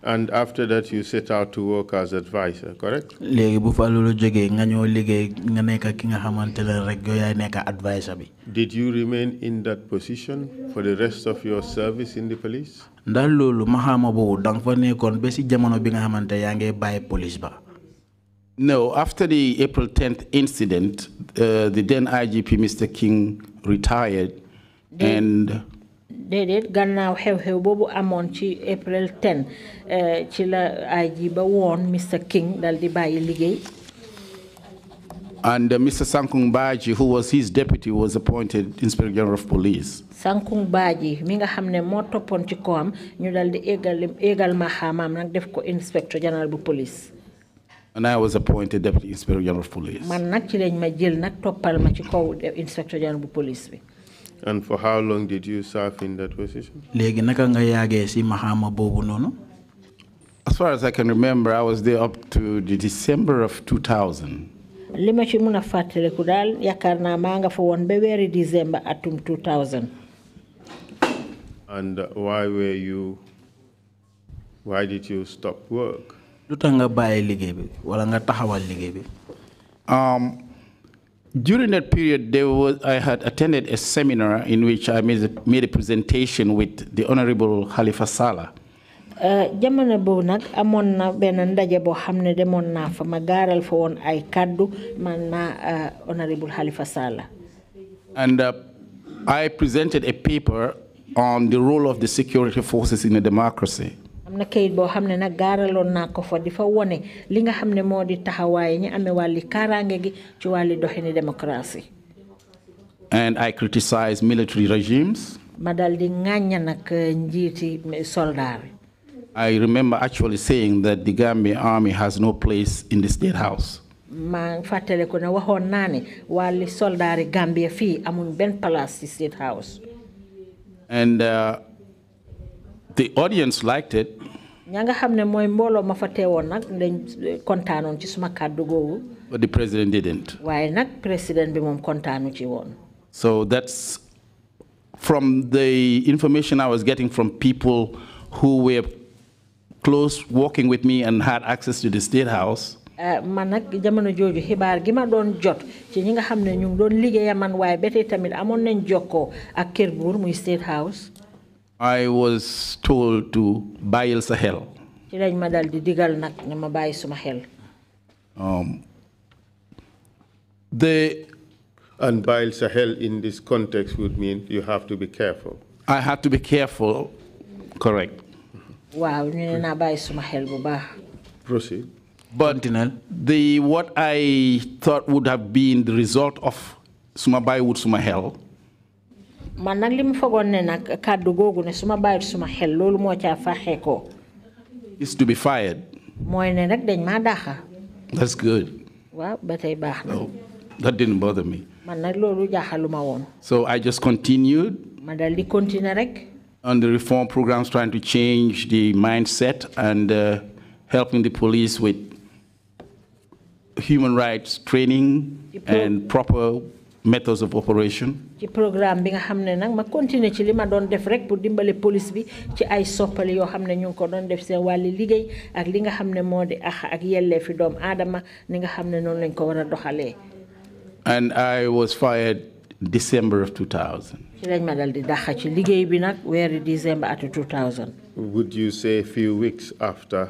C: and after that, you set out to work as advisor, correct?
F: bu fa nga ñoo nga nekk ki nga rek yaay nekk advisor bi.
C: Did you remain in that position for the rest of your service in the police?
F: fa jamono bi nga police ba.
D: No, after the April 10th incident, uh, the then IGP, Mr. King, retired,
E: and déedéet gannaaw xew-xew boobu amoon ci april 10 eh, ci la IG ba Mr King dal di bàyyi liggéey.
D: And uh, Mr. Sankung Baji, who was his deputy, was appointed Inspector General of Police.
E: Sankung Baji, mi nga xamne mo topon ci koam ñu dal di égal égal mahamam nak def ko Inspector General bu Police.
D: And I was appointed Deputy Inspector General of Police. Man
E: nak ci lañ ma jël nak topal ma ci kaw Inspector General bu Police bi.
D: And for how long did you serve in that position? as far as I can remember I was there up to the December of 2000.
E: li ma ci mun a fàttaliku daal yaakaar naa maa nga fa woon ba weeri atum 2000.
C: and uh, why were you why did you stop work?
F: lu tax nga bàyyi liggéey bi wala nga taxawal liggéey bi.
D: Um, during that period, there was, I had attended a seminar in which I made a, made a presentation with the Honorable Khalifa Salah.
E: Uh, jamono boobu nag amoon na benn ndaje boo xam ne demoon naa fa ma gaaral fa woon ay kàddu man naa uh, honorable Halifa Sallah.
D: and uh, I presented a paper on the role of the security forces in a democracy
E: boo xam ne nag gaaraloon naa ko fa di fa wone li nga xam ne moo di taxawaay ñi amee wàlli kaaraange gi ci wàlli doxini démocratie.
D: and I criticize military regimes.
E: ma dal di nag eh, njiiti
D: I remember actually saying that the Gambia army has no place in the state house.
E: maa ne waxoon naa ne wàlli Gambia fii amuñ benn place ci state house.
D: and. Uh, the audience liked it. But the president didn't. So that's from the information I was getting from people who were close working with me and had access to the state house.
E: Eh, man jamono gi ma jot ci ñi nga ñu man tamit nañ ak muy state house
D: I was told to buy sa xel.
E: ci digal
D: um,
C: the and buy Sahel in this context would mean you have to be careful.
D: I had to be careful. Correct. Wow, proceed. But the what I thought would have been the result of suma bàyyiwut suma xel
E: man ne suma
D: is to be fired.
E: ne
D: that's good.
E: ba oh,
D: that didn't bother me.
E: man
D: so I just continued.
E: dal di continuer rek.
D: on the reform programs trying to change the mindset and uh, helping the police with human rights training and proper methods of operation.
E: ci programme bi nga ma continuer ci def rek pour dimbale police bi ci ay ñu ko def ak li nga ax ak ni nga lañ ko
D: and I was fired December of 2000.
E: ci lañ ma dal di ci bi 2000.
D: would you say a few weeks after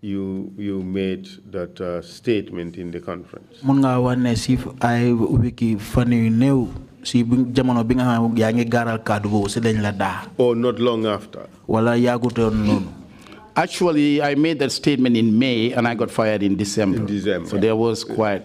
C: you you made that uh, statement in the conference.
F: Mun nga wane si ay wiki fan new si jamono bi nga xam yaa garal gaaral kàddu boobu si dañ
D: la daa. Or oh, not long after. Wala yaagutoon noonu. Actually, I made that statement in May and I got fired in December. In December. So there was quite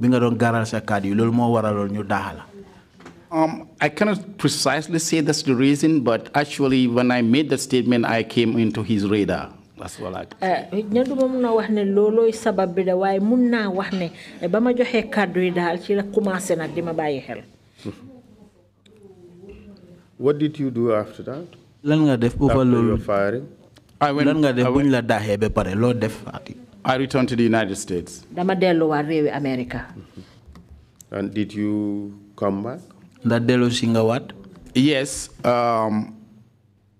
F: nga sa ñu
D: Um, I cannot precisely say that's the reason, but actually, when I made that statement, I came into his radar. That's what I can
E: eh, wax ne sabab bi da mun wax ne eh, yi daal ci la xel.
C: What did you do after that? lan nga def bu fa firing.
D: I went, lan nga def buñ la pare def. I returned to the United States.
E: dama delluwaat réewi America.
D: and did you come back? ndax dellu si nga yes um,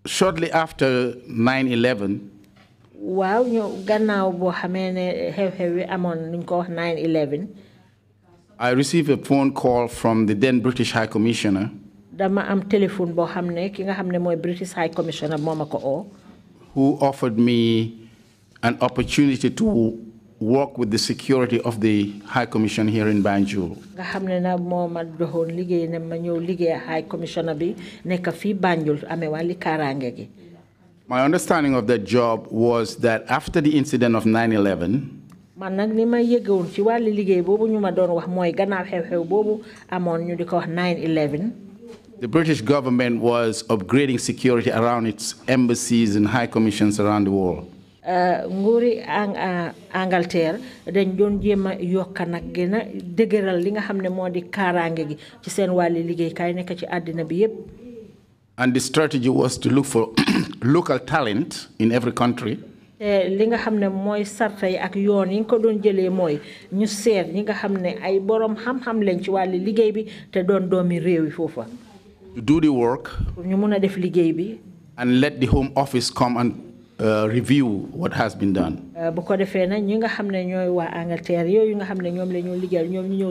D: shortly after 9/11.
E: Wow, ñu gannaaw boo hamene ne xew amon wi 9/11.
D: I received a phone call from the then British High Commissioner.
E: dama am téléphone bo hamne ne hamne nga British High Commissioner moo ma ko oo.
D: who offered me an opportunity to work with the security of the High Commission here in Banjul.
E: nga xam ne moo ma doxoon liggéey ne ma ñëw liggéey High Commissioner bi nekk fii Banjul amee kaaraange gi.
D: My understanding of that job was that after the incident of 9/11.
E: man nag ni ma ci liggéey boobu ñu ma doon wax mooy gannaaw xew-xew boobu amoon ñu di ko wax 9/11.
D: The British government was upgrading security around its embassies and high commissions around the world.
E: Eh, nguuri eh, Angleterre dañ doon jéem yokka nag gën a li nga xam ne moo gi ci seen wàlli liggéeykaay nekk ci àddina bi yépp
D: and the strategy was to look for local talent in every country
E: li nga xam ne mooy ak yoon yi ko doon jëlee mooy ñu seet ñi nga xam ay boroom xam-xam lañ ci wàlli liggéey bi te doon doomi réew yi foofa
D: do the work
E: ñu mun def liggéey bi
D: and let the home office come and uh, review what has been done.
E: Uh, bu ko ñi nga Angleterre nga ñu ñëw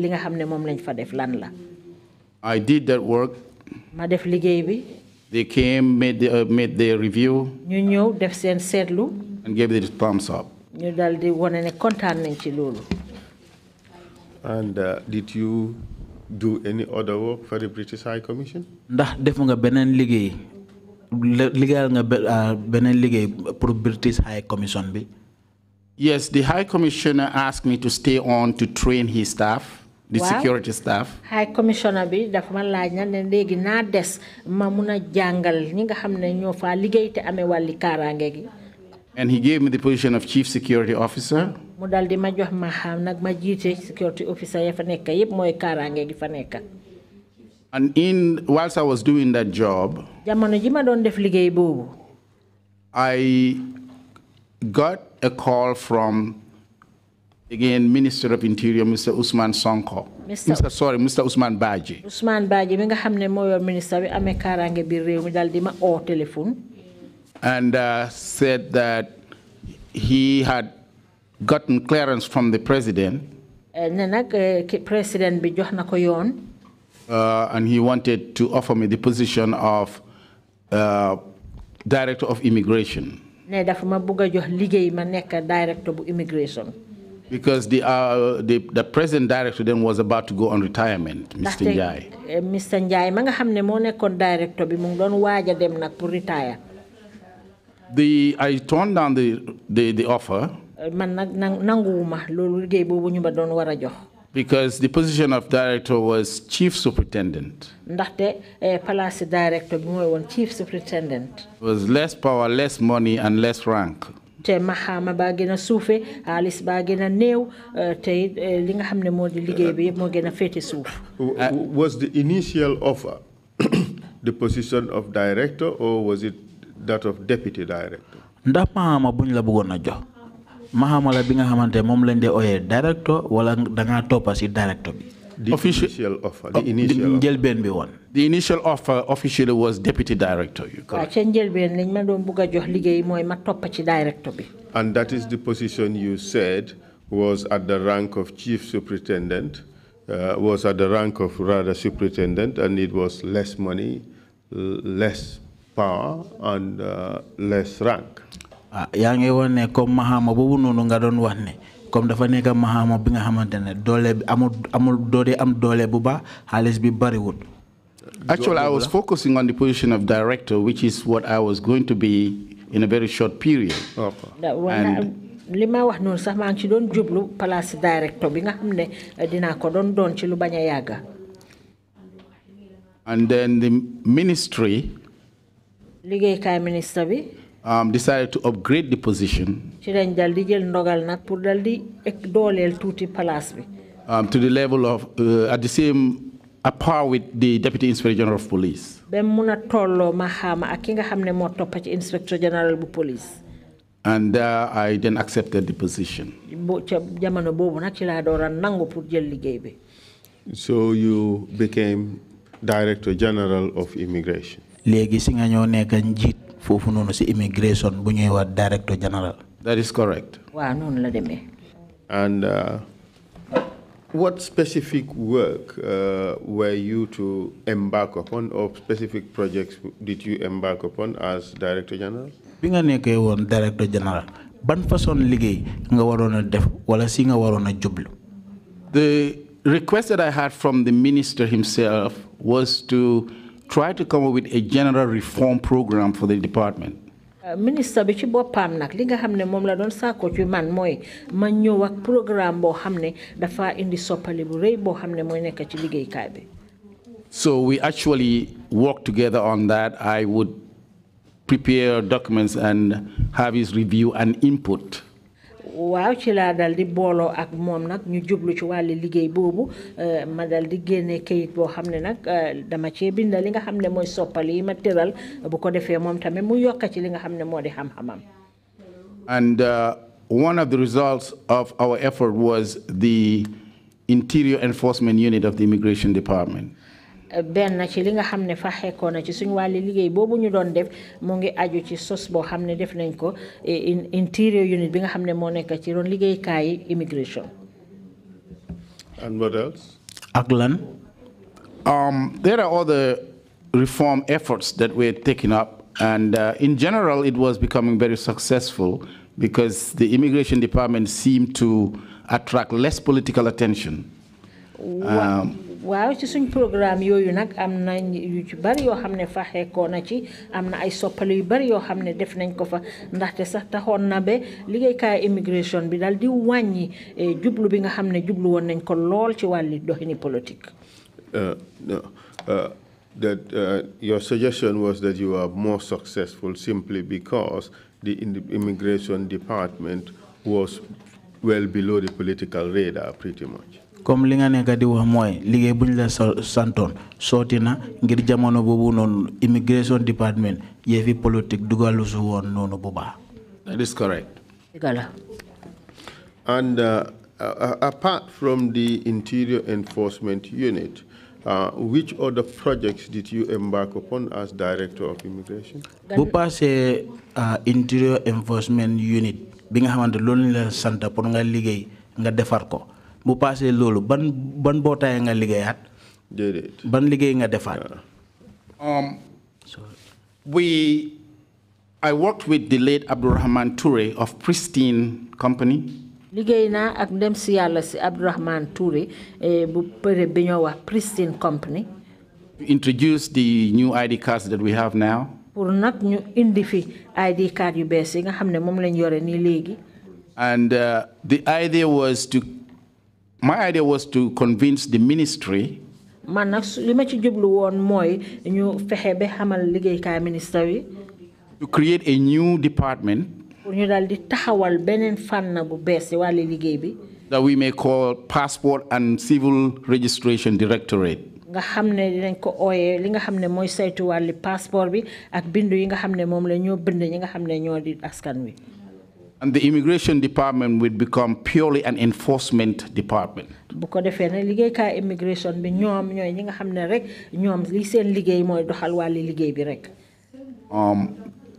E: li nga lañ fa def lan la.
D: I did that work.
E: ma def liggéey bi.
D: They came, made, the, uh, made their review.
E: ñu ñëw def and
D: gave it a thumbs up.
E: ñu ne nañ ci
C: and uh, did you do any other work for the British High Commission. ndax def nga beneen liggéey. Legal nga
F: euh, beneen liggéey pour British High Commission bi.
D: Yes, the High Commissioner asked me to stay on to train his staff, the wow. security staff.
E: High Commissioner bi dafa ma laaj na ne léegi naa des ma mun a jàngal ñi nga xam ne ñoo faa te amee wàlli kaaraange gi.
D: And he gave me the position of chief security officer.
E: mu dal di ma jox ma xam nag ma jiite security officer ya fa nekk yëpp mooy kaaraange gi fa nekk.
D: And in whilst I was doing that job, I got a call from again Minister of Interior, Mr. Usman Sonko. Mr. Mr. Sorry, Mr. Usman Baji.
E: Usman Baji, mi nga xamne moy minister bi amé karange bi rew mi dal di téléphone.
D: And uh, said that he had gotten clearance from the president.
E: Eh, né nak eh, president bi jox nako
D: uh, and he wanted to offer me the position of uh, director of immigration.
E: ne director immigration.
D: Because the, uh, the, the present director then was about to go on retirement, Mr. Njai.
E: Mr. Njai, I nga xam ne director bi mu ngi dem retire.
D: The, I turned down the, the, the offer. Eh, because the position of director was chief superintendent.
E: ndaxte eh, palace director bi mooy chief superintendent.
D: was less power less money and less rank.
E: te mahama baa gën a suufe xaalis baa gën eh, te eh, li nga xam ne moo di liggéey bi yëpp moo gën a
D: was the
C: initial offer the position of director or was it that of deputy director.
F: ndax maxaama buñ la bëggoon jox. Mahamala la bi nga oye lañ director wala dangaa toppa si director bi The official, initial offer. The oh, initial.
C: The, offer. the initial offer officially was deputy director. You correct? And that is the position you said was at the rank of chief superintendent, uh, was at the rank of rather superintendent, and it was less money, less power, and uh, less rank. Ah, comme nga comme
F: dafa bi nga amul amul am bu bi
D: Actually, I was focusing on the position of director, which is what I was going to be in a very short period. And
E: wax sax ci place bi nga eh, ko ci lu
D: and then the ministry.
E: liggéeykaay ministre bi.
D: Um, decided to upgrade the position to the level of uh, at the same a par with the deputy inspector general of police and i then accepted the position so you became
C: director general of immigration
F: foofu noonu si immigration bu ñuy director general.
C: that
E: is correct. la
C: and uh, what specific work uh, were you to embark upon or specific projects did you embark upon as director general.
F: bi nga nekkee woon director general ban façon liggéey nga waroon a def wala si
D: nga jublu. the request that I had from the minister himself was to try to come up with a general reform program for the department.
E: Uh, minister, bi ci boppam nag li nga xam ne moom la doon saako ci man mooy ma ñëw ak programme boo xam ne dafa indi soppali bu rëy boo xam ne nekk ci liggéeykaay bi.
D: So we actually worked together on that. I would prepare documents and have his review and input
E: waaw ci laa dal di booloo ak moom nag ñu jublu ci liggéey boobu euh, ma dal di génne kayit boo xam ne nag euh, dama cee binda li nga xam ne mooy soppali yi ma tëral bu ko defee moom tamit mu yokk ci li nga xam ne moo di xam-xamam.
D: And uh, one of the results of our effort was the Interior Enforcement Unit of the Immigration Department
E: benn ci li nga xam ne fa xekkoon na ci suñu wàlli liggéey boobu ñu doon def mu ngi aju ci sos boo xam ne def nañ ko interior unit bi nga xam ne moo nekk ci doon liggéeykaay immigration.
D: and what else. ak lan. Um, there are all the reform efforts that were taken up and uh, in general it was becoming very successful because the immigration department seemed to attract less political attention. Um,
E: waaw ci suñ programme yooyu nag am na yu ci bari yoo xam ne faxeekoo na ci am na ay yu bari yoo xam ne def nañ ko fa ndaxte sax taxoon na liggéeykaay immigration bi daal di wàññi jublu bi nga xam ne jublu woon nañ ko lool ci wàlli doxini politique.
C: Uh, uh, that uh, your suggestion was that you are more successful simply because the immigration department was well below the political radar, pretty much
F: comme li nga di wax la na ngir jamono immigration department politique dugalu su
C: bu that is correct. and uh, uh, apart from the interior enforcement unit. Uh, which other projects did you embark upon as director of immigration? bu passé
F: uh, interior enforcement unit bi nga xamante loolu la sant pour nga liggéey nga defar ko bu paasee loolu ban ban mbootaay nga liggéeyaat. déedéet ban liggéey
D: nga defaat. Um, we I worked with the late Abdurrahman Toure of Pristine Company.
E: liggéey naa ak ndem si yàlla si Abdurrahman Toure eh, bu përe bi wax Pristine Company.
D: to introduce the new ID cards that we have now.
E: pour nag ñu indi fi ID card yu bees yi nga xam ne lañ yore nii léegi.
D: and uh, the idea was to. My idea was to convince the ministry.
E: man ci ñu fexe xamal
D: to create a new department.
E: pour ñu taxawal fànn bu liggéey bi.
D: that we may call passport and civil registration directorate.
E: nga dinañ ko li nga saytu bi ak bindu yi nga la ñoo nga ñoo di askan wi.
D: And the immigration department would become purely an enforcement department. Um,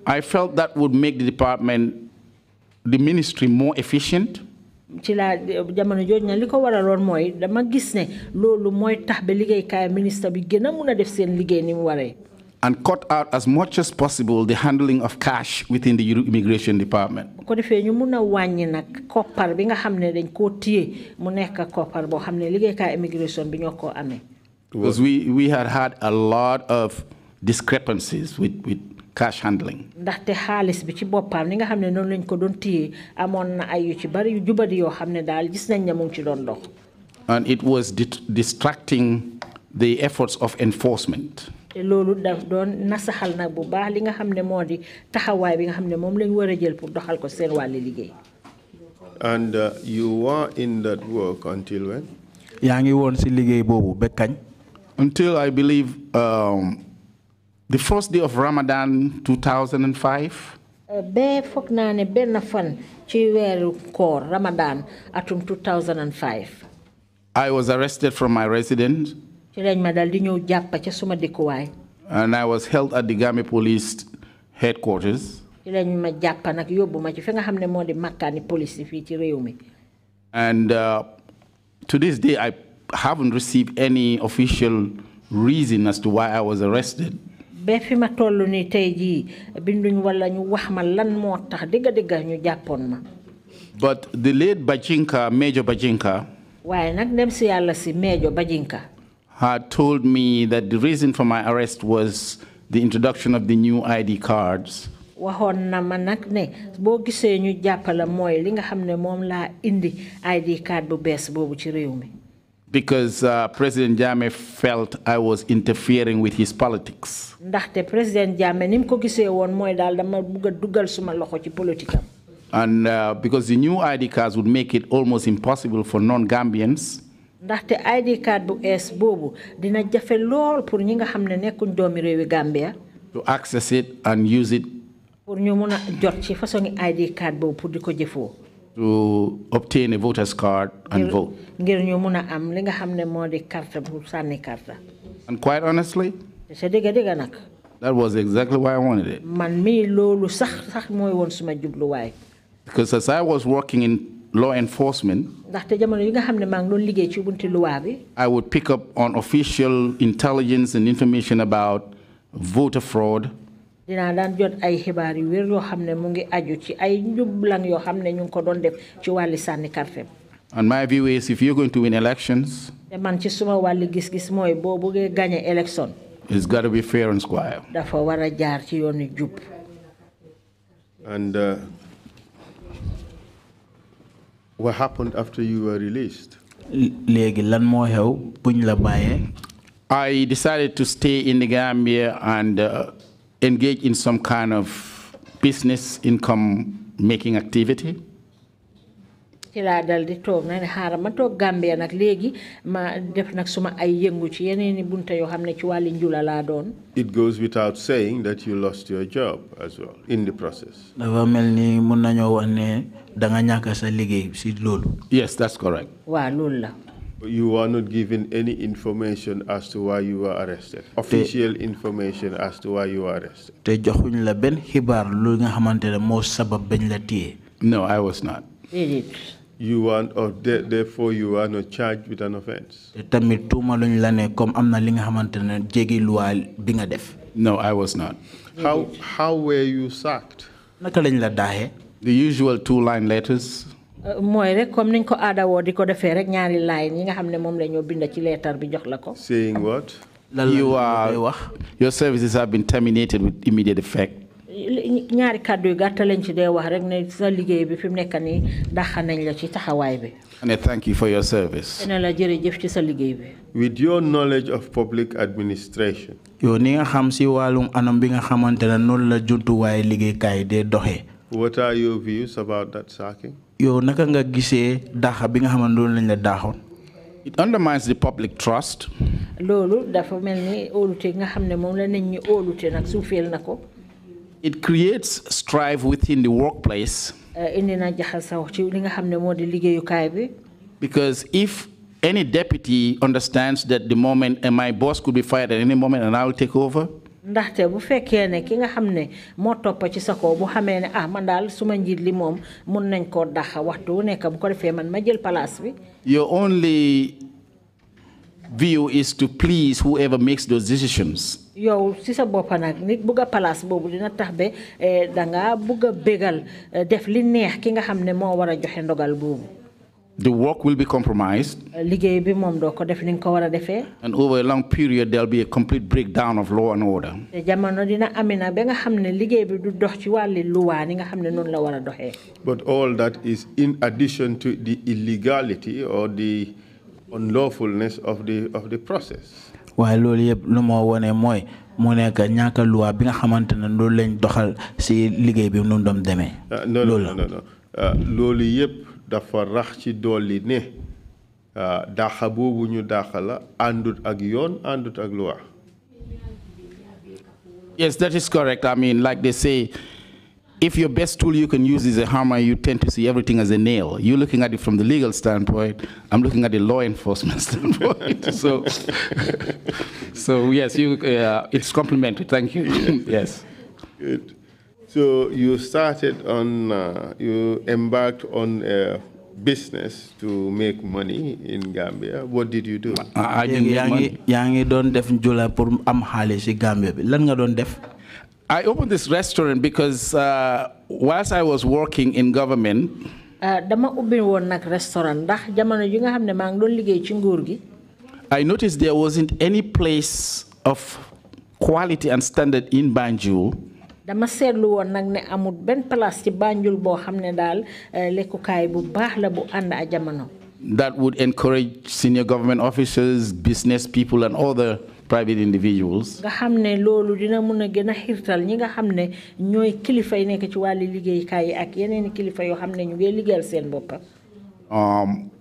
D: I felt that would make the department, the ministry, more efficient and cut out as much as possible the handling of cash within the immigration department. Because we, we had had a lot of discrepancies with, with cash handling. And it was distracting the efforts of enforcement
E: te daf doon nasaxal bu baax li nga bi nga lañ jël pour doxal ko seen liggéey.
C: and uh, you were in that work until when.
D: yaa ngi woon ci liggéey kañ. until I believe um, the first day of Ramadan 2005.
E: Uh, Be foog naa ne fan ci weeru koor Ramadan atum 2005.
D: I was arrested from my residence. And I was held at the Gambia Police headquarters. And uh, to this day, I haven't received any official reason as to why I was arrested. But the late Bajinka, Major Bajinka, had told me that the reason for my arrest was the introduction of the new ID cards.
E: waxoon na ma nag ne boo gisee ñu mooy li nga xam ne moom laa indi ID card bu bees boobu ci réew mi.
D: because uh, President Jame felt I was interfering with his politics.
E: ndaxte président Jame ko gisee woon mooy daal dama bugg a dugal suma loxo ci
D: and uh, because the new ID cards would make it almost impossible for non-Gambians
E: ndaxte ID card bu boobu dina jafe lool pour ñi nga xam ne nekkuñ doomi réewi Gambia.
D: to access it and use it.
E: pour ñu mun a jot ci façon ID card boobu pour di ko jëfoo.
D: to obtain a voter's card and vote.
E: ngir ñu mun a am li nga xam ne moo di carte bu sànni carte. and quite honestly. dëgg nag.
D: that was exactly why I wanted it.
E: man loolu sax sax mooy woon suma jubluwaay.
D: because as I was working in law enforcement. I would pick up on official intelligence and information about voter fraud. And my view is if you're going to win elections, it's got to be fair and square.
C: And uh, what happened after you were released?
F: I
D: decided to stay in the Gambia and uh, engage in some kind of business income making activity.
E: ci laa dal di toog xaaral ma toog Gambia nag léegi ma def nag suma ay yëngu ci yeneen i bunta yoo xam ne ci njula laa doon.
C: It goes without saying that you lost your job as well in the process.
F: dafa mel ni mun nañoo wax ne da nga ñàkk sa liggéey si loolu.
C: yes that's correct.
E: waaw loolu la.
C: you are not given any information as to why you were arrested. official information as to why you were arrested.
F: te joxuñ la ben xibaar lu nga xamante ne moo sabab bañ la téye.
C: no I was not. déedéet. you are or therefore you are not charged with an offense.
F: te tamit tuuma luñ la ne comme am na li nga xamante ne
D: jéggi luwa bi nga def. no I was not. how how were you sacked. naka lañ la daaxee the usual two line letters uh, saying what you are your services have been terminated with immediate effect
E: ñaari kàddu yu lañ ci dee wax rek ne sa liggéey bi fi mu nekk nii nañ la ci taxawaay bi.
D: and I
C: thank you for your service. ne
E: la jërëjëf ci sa liggéey bi.
C: with your knowledge of public administration.
F: yow ni nga xam si wàllum anam bi nga xamante ne noonu la jumtuwaay liggéeykaay dee
C: doxee. What are your views about that sacking?
F: Yo, It
D: undermines the public trust.
E: dafa nga
D: It creates strife within the workplace. Eh, na Because if any deputy understands that the moment and my boss could be fired at any moment and I'll take over.
E: ndaxte bu fekkee ne ki nga xam ne moo topp ci sa ko bu xamee ne ah man daal su ma njiit li moom mun nañ koo dax waxtu wu nekk bu ko defee man ma jël place bi.
D: your only view is to please whoever makes those decisions.
E: yow si sa bopp nag nit bugg a place boobu dina tax ba eh, da ngaa bugg a bégal eh, def li neex ki nga xam ne moo war a joxe ndogal boobu.
D: The work will be compromised.
E: And
D: over a long period, there'll be a complete breakdown of law and order.
E: But all
C: that is in addition to the illegality or the unlawfulness of the, of the process. Uh, no, no, no, no, uh, no dafa rax ci dolli ne ah, boobu ñu la àndut ak yoon àndut ak
D: Yes, that is correct. I mean, like they say, if your best tool you can use is a hammer, you tend to see everything as a nail. You're looking at it from the legal standpoint. I'm looking at the law enforcement standpoint. so, so yes, you, uh, it's complementary. Thank you. yes. Good. So you
C: started on, uh, you embarked on a business to
D: make money in Gambia. What did you do? I, didn't make money. I opened this restaurant because uh, whilst I was working in government,
E: ah, I
D: noticed there wasn't any place of quality and standard in Banjul
E: dama seetlu woon nag ne amul benn place ci Banjul boo xam ne daal eh, lekkukaay bu baax la bu ànd a jamono.
D: that would encourage senior government officers, business people, and other private individuals um,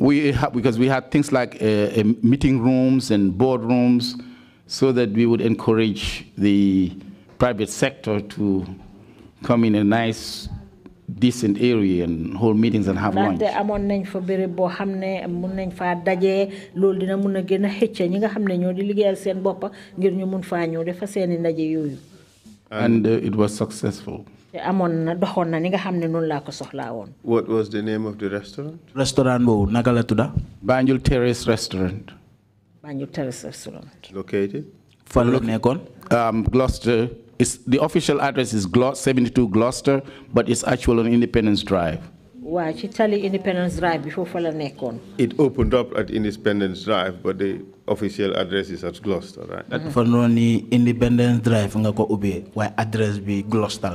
D: we have because we had things like uh, uh, meeting rooms and boardrooms so that we would encourage the private sector to come in a nice decent area and hold meetings and have lunch.
E: nañ fa nañ dina a gën ñi nga ñoo di liggéeyal seen ngir ñu ñëw ndaje
D: and uh, it was successful.
E: na na ni nga noonu ko woon.
C: what was the name of the restaurant.
F: restaurant boobu naka la tudda.
D: Banjul Terrace restaurant.
E: Banjul Terrace restaurant.
D: located. fan la nekkoon. Um, Gloucester. It's, the official address is 72 Gloucester, but it's actually on Independence Drive.
E: Why? She tell Independence Drive before Fala Nekon.
C: It opened up at Independence Drive, but the official address is at Gloucester, right? Mm
F: -hmm. Independence Drive, why address be Gloucester?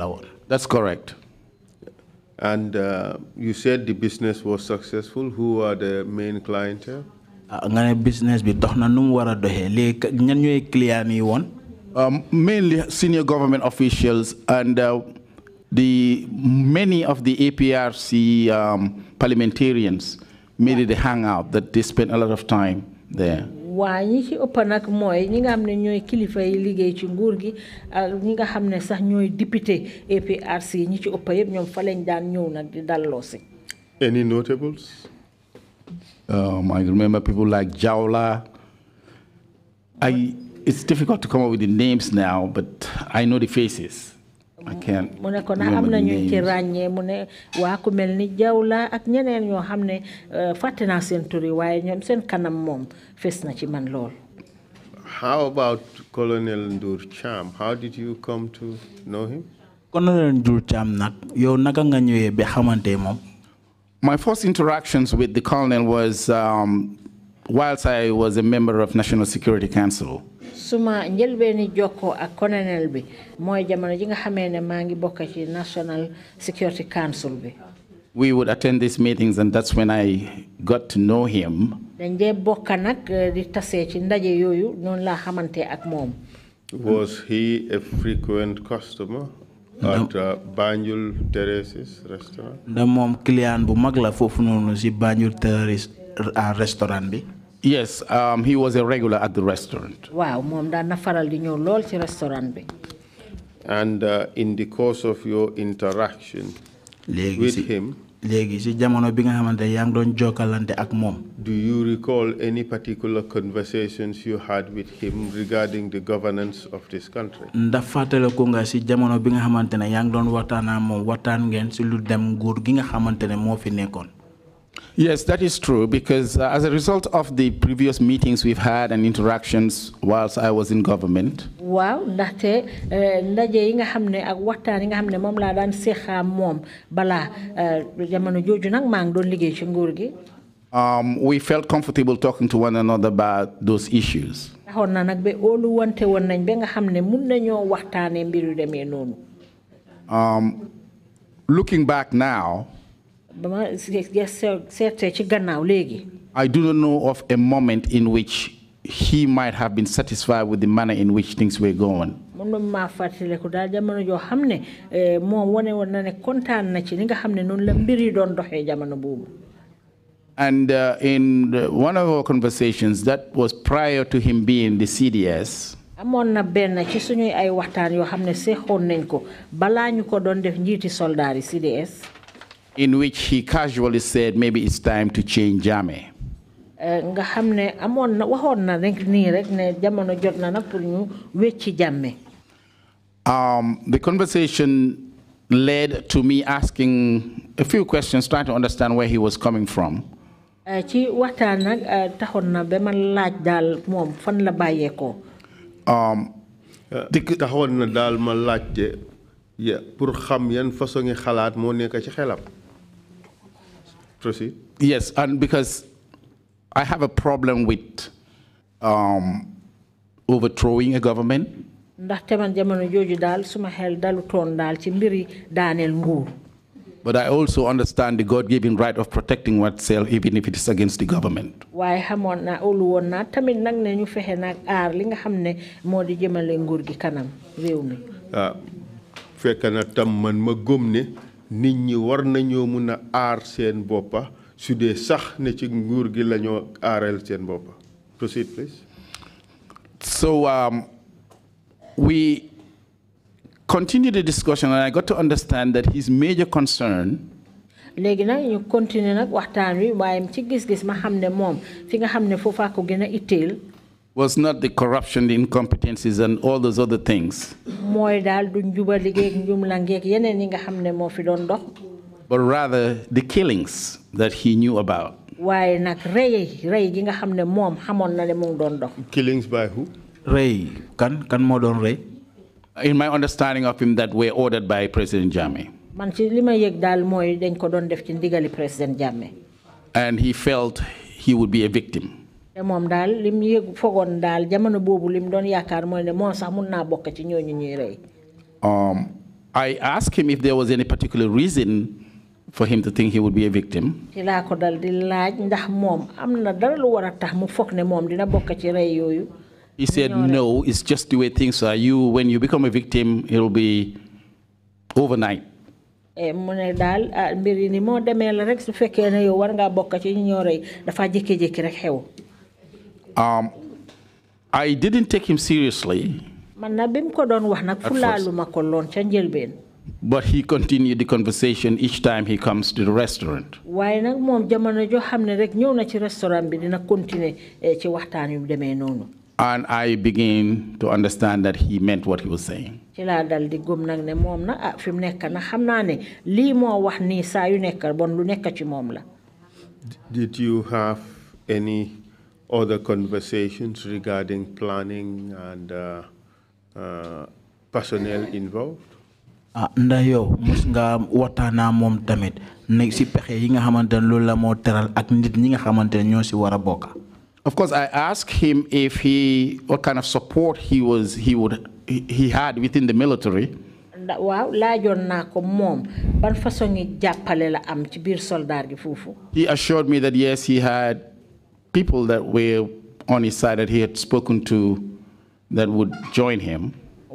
C: That's correct. And uh, you said the business was successful. Who are the main clientele?
F: Uh, business bi doxna num wara dohe lé ñan ñoy client
D: um, mainly senior government officials and uh, the many of the APRC um, parliamentarians made it a hangout that they spent a lot of time there.
E: waa ci mooy ñi nga xam ne ñooy kilifa yi liggéey ci nguur gi ñi nga xam ne sax ñooy député APRC ñi ci yëpp ñoom fa lañ daan ñëw nag di dalloo si.
D: any notables. Um, I remember people like Jawla. I it's difficult to come up with the names now, but I know the faces. I can't
E: am na ñu ci ràññee mu ne waa ku mel ni jaw la ak ñeneen ñoo xam ne euh, fàtte naa seen tur yi waaye ñoom seen kanam moom fes na ci man lool.
C: How about Colonel Ndour Cham? How did you come to know him?
F: Colonel Ndour Cham nag
D: yow naka nga ñëwee ba xamante moom. My first interactions with the colonel was um, whilst I was a member of National Security Council.
E: suma njëlbeeni jokkoo ak colonel bi mooy jamono ji nga xamee ne maa ngi bokk ci National Security Council bi.
D: we would attend these meetings and that's when I got to know him.
E: nag eh, di tasee ci ndaje yooyu noonu laa xamante ak
C: at uh, Banjul
F: da moom client bu mag la foofu noonu si Banjul Terraces uh, restaurant bi.
D: Yes, um, he was a regular at
C: the restaurant.
E: Wow, moom da nafaral faral di ñëw lool ci restaurant bi.
C: and uh, in the course of your interaction with him.
F: léegi si jamono bi nga xamante ne yaa ngi doon jokkalante ak moom.
C: do you recall any particular conversations you had with him regarding the governance of this country.
F: ndax fàttaliku nga si jamono bi nga xamante ne yaa ngi doon waxtaan ak moom waxtaan ngeen si lu dem nguur gi nga xamante ne fi nekkoon.
D: Yes, that is true, because uh, as a result of the previous meetings we've had and interactions whilst I was in government. Uh, uh, um, we felt comfortable talking to one another about those issues. Um, Looking back now. I do not know of a moment in which he might have been satisfied with the manner in which things were going.
E: Eh,
D: and uh, in one of our conversations, that was prior to him being the CDS.
E: CDS
D: in which he casually said maybe it's time to change eh, Jame. Um, the conversation led to me asking a few questions, trying to understand where he was coming from.
E: Eh,
C: eh, um, pour xam façon
D: xalaat nekk ci xelam. Proceed. Yes, and because I have a problem with um, overthrowing a government. But I also understand the God-given right of protecting oneself even if it is against the
E: government.
C: ah fekk na tam man ma gëm ne nit ñi war aar seen boppa su dee sax ne ci nguur gi
D: seen boppa proceed please so um, we continue the discussion and I got to understand that his major concern
E: léegi nag ñu continuer nag waxtaan wi waaye ci gis-gis ma xam ne moom fi nga xam ne foofa ko gën a itteel
D: was not the corruption, the incompetencies, and all those other things. but rather the killings that he knew about. Killings by who? Ray. Kan kan mo ray? In my understanding of him, that were ordered by President Jammeh.
E: Man dal moy President Jammeh.
D: And he felt he would be a victim
E: lim jamono lim ne sax mun ci
D: um, I asked him if there was any particular reason for him to think he would be a victim.
E: ko dal di laaj ndax dara lu tax mu ne dina ci
D: He said, no, it's just the way things are. You, when you become a victim, it'll be overnight.
E: mu ne ah, mbir ni rek su ne yow war ci ñoo dafa rek xew.
D: Um, I didn't take him seriously. But he continued the conversation each time he comes to the restaurant. Eh, and I begin to understand that he meant what he was saying. Ah, Did you have
C: any other conversations regarding planning and uh, uh, personnel involved?
F: Ah, ndayo, ndax yow mos nga waxtaanaa moom tamit ne si pexe yi nga xamante ne loolu la moo teral ak nit ñi nga xamante ñoo si
D: war a Of course, I asked him if he what kind of support he was he would he had within the military.
E: waaw laajoon naa ko moom ban façon yi jàppale la am ci biir soldaar gi foofu.
D: He assured me that yes, he had people that were on his side that he had spoken to that would join him.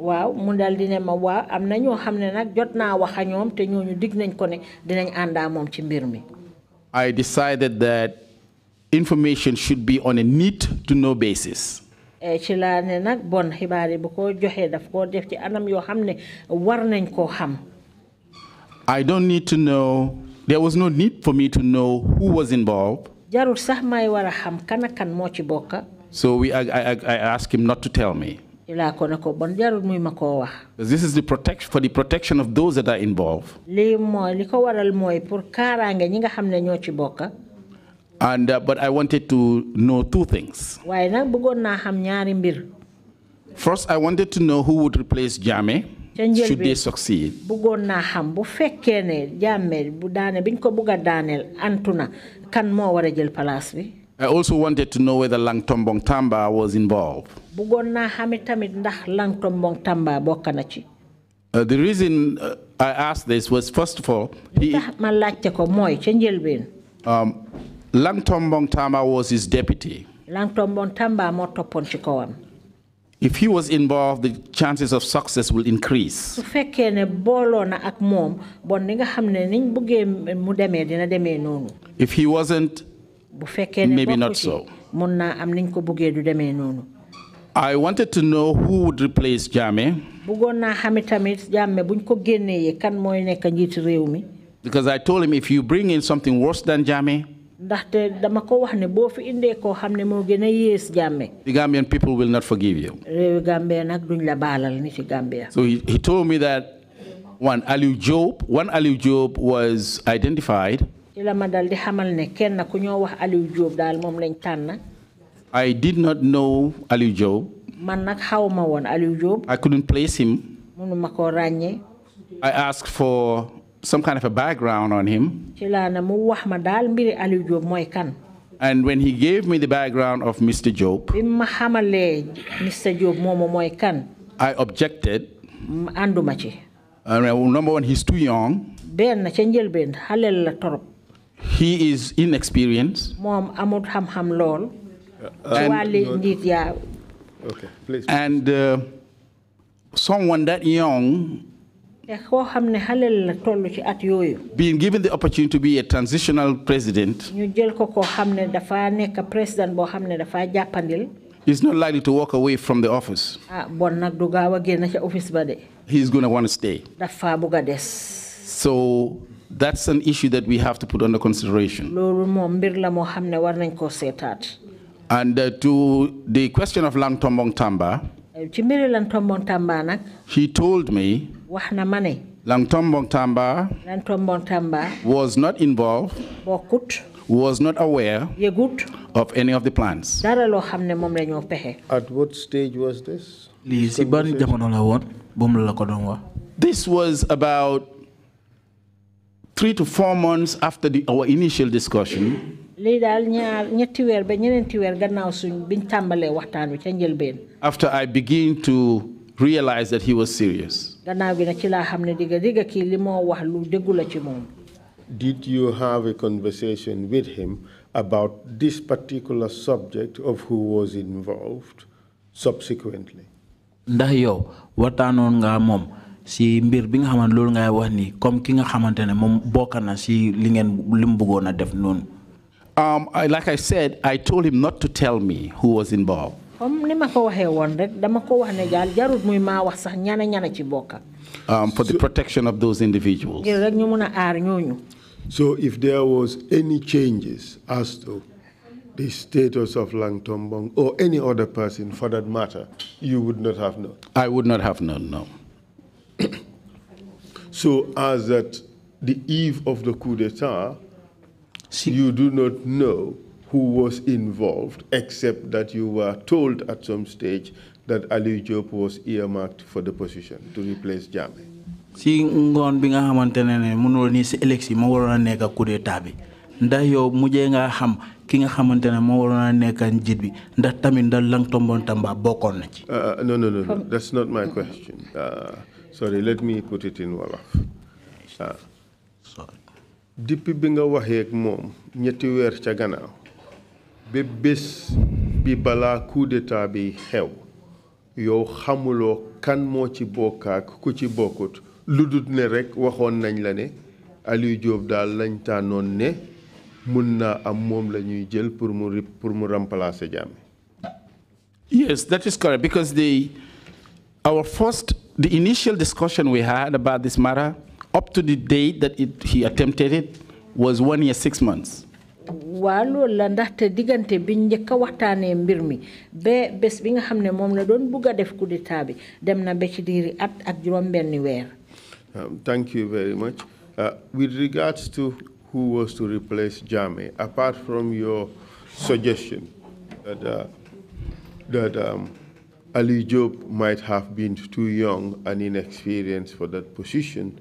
E: waaw daal di ne ma am na ñoo xam ne nag jot naa wax a ñoom te ñooñu dig nañ ko ne dinañ àndaa moom ci mbir mi.
D: I decided that information should be on a need to know basis.
E: ci laa ne nag bon xibaar yi bu ko joxee daf def ci anam yoo xam ne war nañ xam.
D: I don't need to know there was no need for me to know who was involved.
E: jarul sax may war a xam kan moo ci bokk.
D: so we I, I, I ask him not to tell me.
E: ilaa ko ne ko bon jarul muy ma koo wax.
D: this is the protect for the protection of those that are involved.
E: lii mooy li ko waral mooy pour kaaraange ñi nga xam ne ñoo ci bokk.
D: and uh, but I wanted to know two things.
E: waaye nag bëggoon naa xam ñaari mbir.
D: First, I wanted to know who would replace Jame should
E: antu na kan moo war a
D: I also wanted to know whether Lang Tombong Tamba was involved.
E: Bëggoon hamitamit xam Lang Tombong Tamba bokk
D: Uh, the reason uh, I asked this was first of all,
E: he, um, Lang
D: Tombong Tamba was his deputy.
E: Lang Tombong Tamba moo toppoon
D: If he was involved, the chances of success will increase. Su
E: fekkee na akmom moom bon li nga xam ne niñ dina
D: if he wasn't, maybe not so. I wanted to know who would replace Jame. Because I told him if you bring in something worse than Jame, the Gambian people will not forgive you. So he, he told me that one Aliu Job, one Aliu Job was identified. I did not know Ali Job. I couldn't place him. I asked for some kind of a background on him. and when he gave me the background of Mr. Job,
E: Mr.
D: I objected.
E: ànduma ci.
D: Uh, number one he's too young.
E: benn ca njëlbeen torop.
D: He is inexperienced.
E: Mom, amut ham
D: uh, And, okay, please. And uh, someone that young being given the opportunity to be a transitional president is not likely to walk away from the office. Ah, He's going to want to stay. So that's an issue that we have to put under consideration.
E: And
D: uh, to the question of Lang Tombong Tamba, eh, he told me
E: Lang Tombong Tamba
D: was not involved, was not aware of any of the plans. At what stage was this? This was about three to four months after the, our initial discussion, after I begin to realize that he was serious.
E: Did
C: you have a conversation with him about this particular subject of who was involved subsequently?
F: nga si mbir bi nga ngay wax ni comme ki
D: nga si li ngeen def Um, I, like I said, I told him not to tell me who was involved. Um, for the protection of those individuals. So if there was any changes as to the
C: status of Lang Tombong or any other person for that matter, you would not have known?
D: I would not have known, no.
C: so as at the eve of the coup d'etat, you do not know who was involved, except that you were told at some stage that Ali Job was earmarked for the position to replace Jammeh.
F: si ngoon bi nga xamante ne ne ni si élection ma waroon a coup d'état bi ndax yow mujjee nga xam ki nga xamante ne moo waroon a nekk njiit bi ndax tamit ndax lang tombon tamba bokkoon na ci.
C: non non non that's not my question. Uh, sorry let me put it in wolof ah. Sorry. dippi bi nga waxeek moom ñetti weer ca gannaaw ba bés bi balaa coup d'état bi xew yow xamuloo kan moo ci bokkaak ku ci bokkut lu dut ne rek waxoon nañ la ne Aliou Diop daal lañ tànnoon ne mun naa am moom la ñuy jël pour mu pour mu remplacer Jammeh.
D: Yes, that is correct because the our first the initial discussion we had about this matter, up to the date that it, he attempted it, was one year, six months.
E: Walo loolu la ndaxte diggante bi njëkk a waxtaanee mbir mi ba bés bi nga xam ne la doon bugg def coup d'état bi dem na ba ci diiri at ak juróom-benni weer.
C: Um, thank you very much uh, with regards to who was to replace Jammeh apart from your suggestion that, uh, that um, Ali Job might have been too young and inexperienced for that position.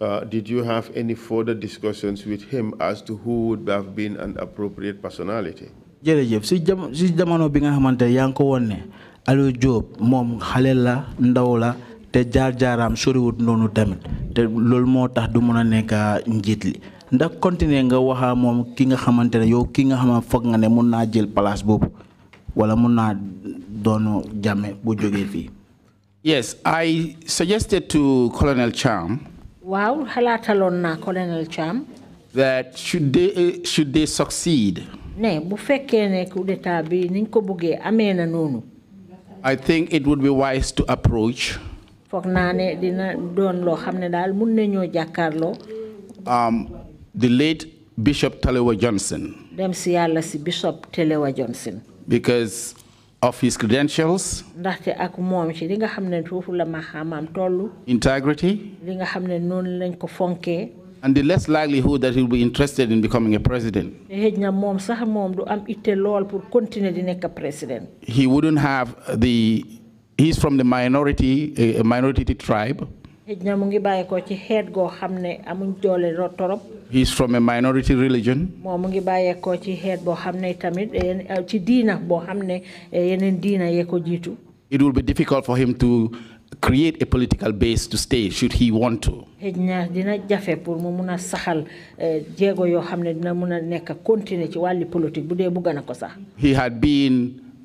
C: Uh, did you have any further discussions with him as to who would have been an appropriate personality?
F: jërëjëf si jam si jamono bi nga xamante yaa ngi ko woon ne Aliou Diop moom xale la ndaw la te jaar-jaaraam soriwut noonu tamit te loolu moo tax du mën a nekk njiit li ndax continuer nga waxaa moom ki nga xamante ne yow ki nga xam foog nga ne mun naa jël place boobu wala mun naa Dono Jame Bujogefi.
D: Yes, I suggested to Colonel Cham.
E: Wow, halatalon na Colonel Cham.
D: That should they uh, should they succeed?
E: Ne, bu fekkee ne kudeta bi niñ ko buggee amee na noonu.
D: I think it would be wise to approach.
E: Foog naa ne dina don lo hamne dal daal nyo jakarlo.
D: Um, the late Bishop Telewa Johnson.
E: Dem si yàlla si Bishop Telewa Johnson.
D: Because of his credentials, integrity, and the less likelihood that he'll be interested in becoming a president. He wouldn't have the, he's from the minority, a eh, minority tribe. He's from a minority religion.
E: Eh, eh,
D: it will be difficult for him to create a political base to stay should he want to. Eh, he had been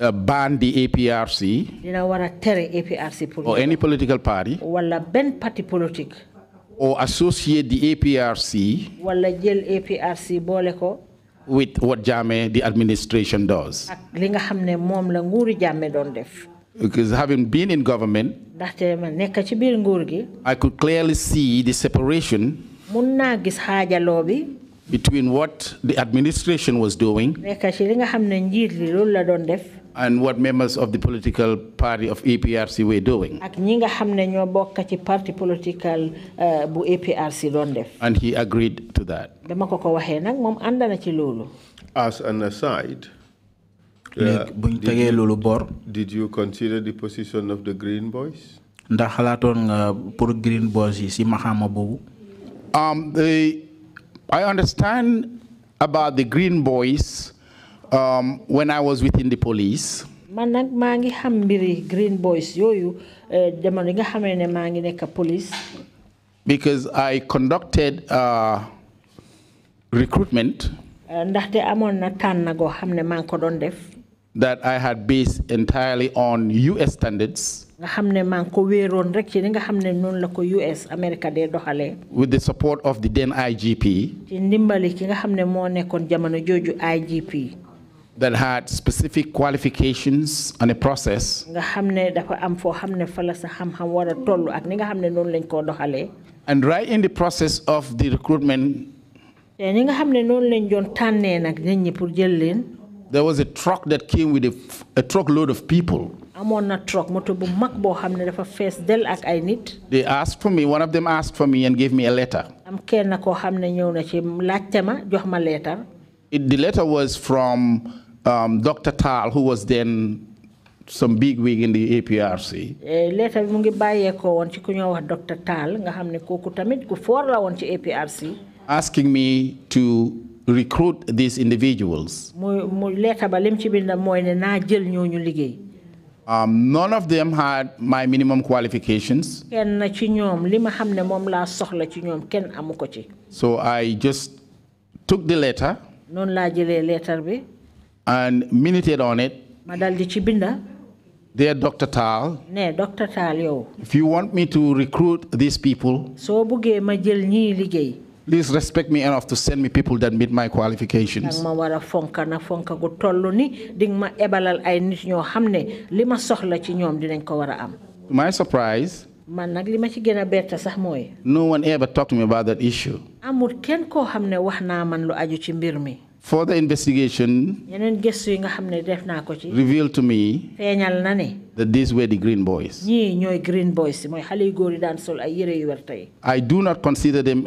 D: uh, ban the APRC
E: dina wara tere APRC or any
D: political party
E: wala ben
D: or associate the APRC
E: wala jël APRC
D: with what Jame the administration does
E: ak la Jame def
D: because having been in government
E: ci nguur gi
D: I could clearly see the separation
E: mun gis
D: between what the administration was doing and what members of the political party of APRC e were doing.
E: ak ñi nga xam ne ñoo bokk ci parti political euh, bu APRC e doon def. and ma ko ko waxee nag moom ànd na ci loolu.
C: as an aside.
F: Uh, tegee loolu
C: bor. did you consider the
D: position of the ndax
F: xalaatoon nga pour Green Boys yi si maxaama boobu.
D: Um, I understand about the Green Boys. Um, when I was within the police.
E: man nag maa ngi xam mbiri Green Boys yooyu jamono eh, yi nga xamee ne maa ngi nekk police.
D: because I conducted uh, recruitment.
E: Eh, ndaxte amoon na tànn goo xam ne maa ngi ko doon def.
D: that I had based entirely on US standards.
E: nga xam ne maa ngi ko wéeroon rek ci li nga xam ne noonu la ko US America dee doxalee.
D: with the support of the then IGP.
E: ci ndimbali ki nga xam ne moo nekkoon jamono jooju IGP
D: that had specific qualifications and a process. And right in the process of the recruitment, there was a truck that came with a, truckload of people. They asked for me, one of them asked for me and gave me a letter.
E: the
D: letter was from um, Dr. Tal, who was then some big wig in the APRC.
E: Later, Dr. Tal tamit APRC.
D: Asking me to recruit these individuals.
E: Mu later
D: Um, none of them had my minimum qualifications.
E: So
D: I just took the letter and minuted on it.
E: ma dal di ci binda.
D: Dr. Tal,
E: ne Dr. Tal yo.
D: if you want me to recruit these people,
E: So buggee ma jël ñii liggéey.
D: please respect me enough to send me people that meet my qualifications. ma
E: war a fonka na fonka gu toll ni di ma ebalal ay nit ñoo xam ne li ma soxla ci ñoom dinañ ko war am.
D: To my surprise.
E: man nag li ma ci gën a bett sax mooy.
D: no one ever talked to me about that issue.
E: amul kenn koo xam ne wax naa man lu aju ci mbir mi
D: further investigation
E: revealed
D: to me that these were the green boys.
E: green boys
D: I do not consider them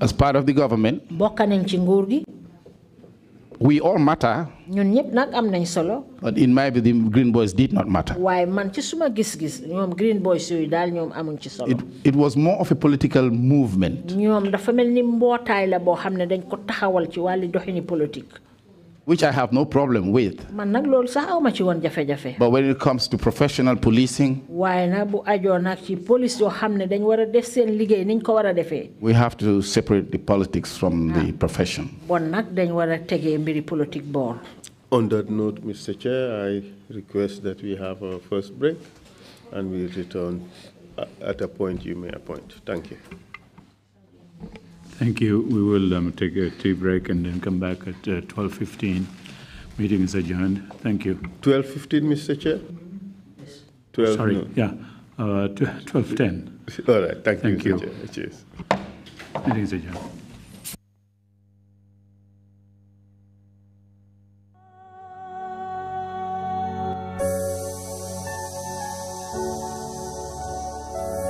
D: as part of the government we all matter.
E: ñun ñëpp nag am nañ solo.
D: but in my view green boys did not matter.
E: waaye man ci suma gis-gis ñoom green boys yooyu daal ñoom amuñ ci solo.
D: it was more of a political movement.
E: ñoom dafa mel ni mbootaay la boo xam ne dañ ko taxawal ci wàllu doxini politique.
D: which I have no problem with. But when it comes to professional policing,
E: we have
D: to separate the politics from the ah. profession. On that note, Mr.
C: Chair, I request that we have our first break and we return at a point you may appoint. Thank you.
B: Thank you. We will um, take a tea break and then come back at 12.15. Uh, Meeting is adjourned. Thank you.
C: 12.15, Mr. Chair? 12, Sorry, no.
B: yeah, uh, 12.10.
C: All right, thank, thank you, you. Meeting is adjourned.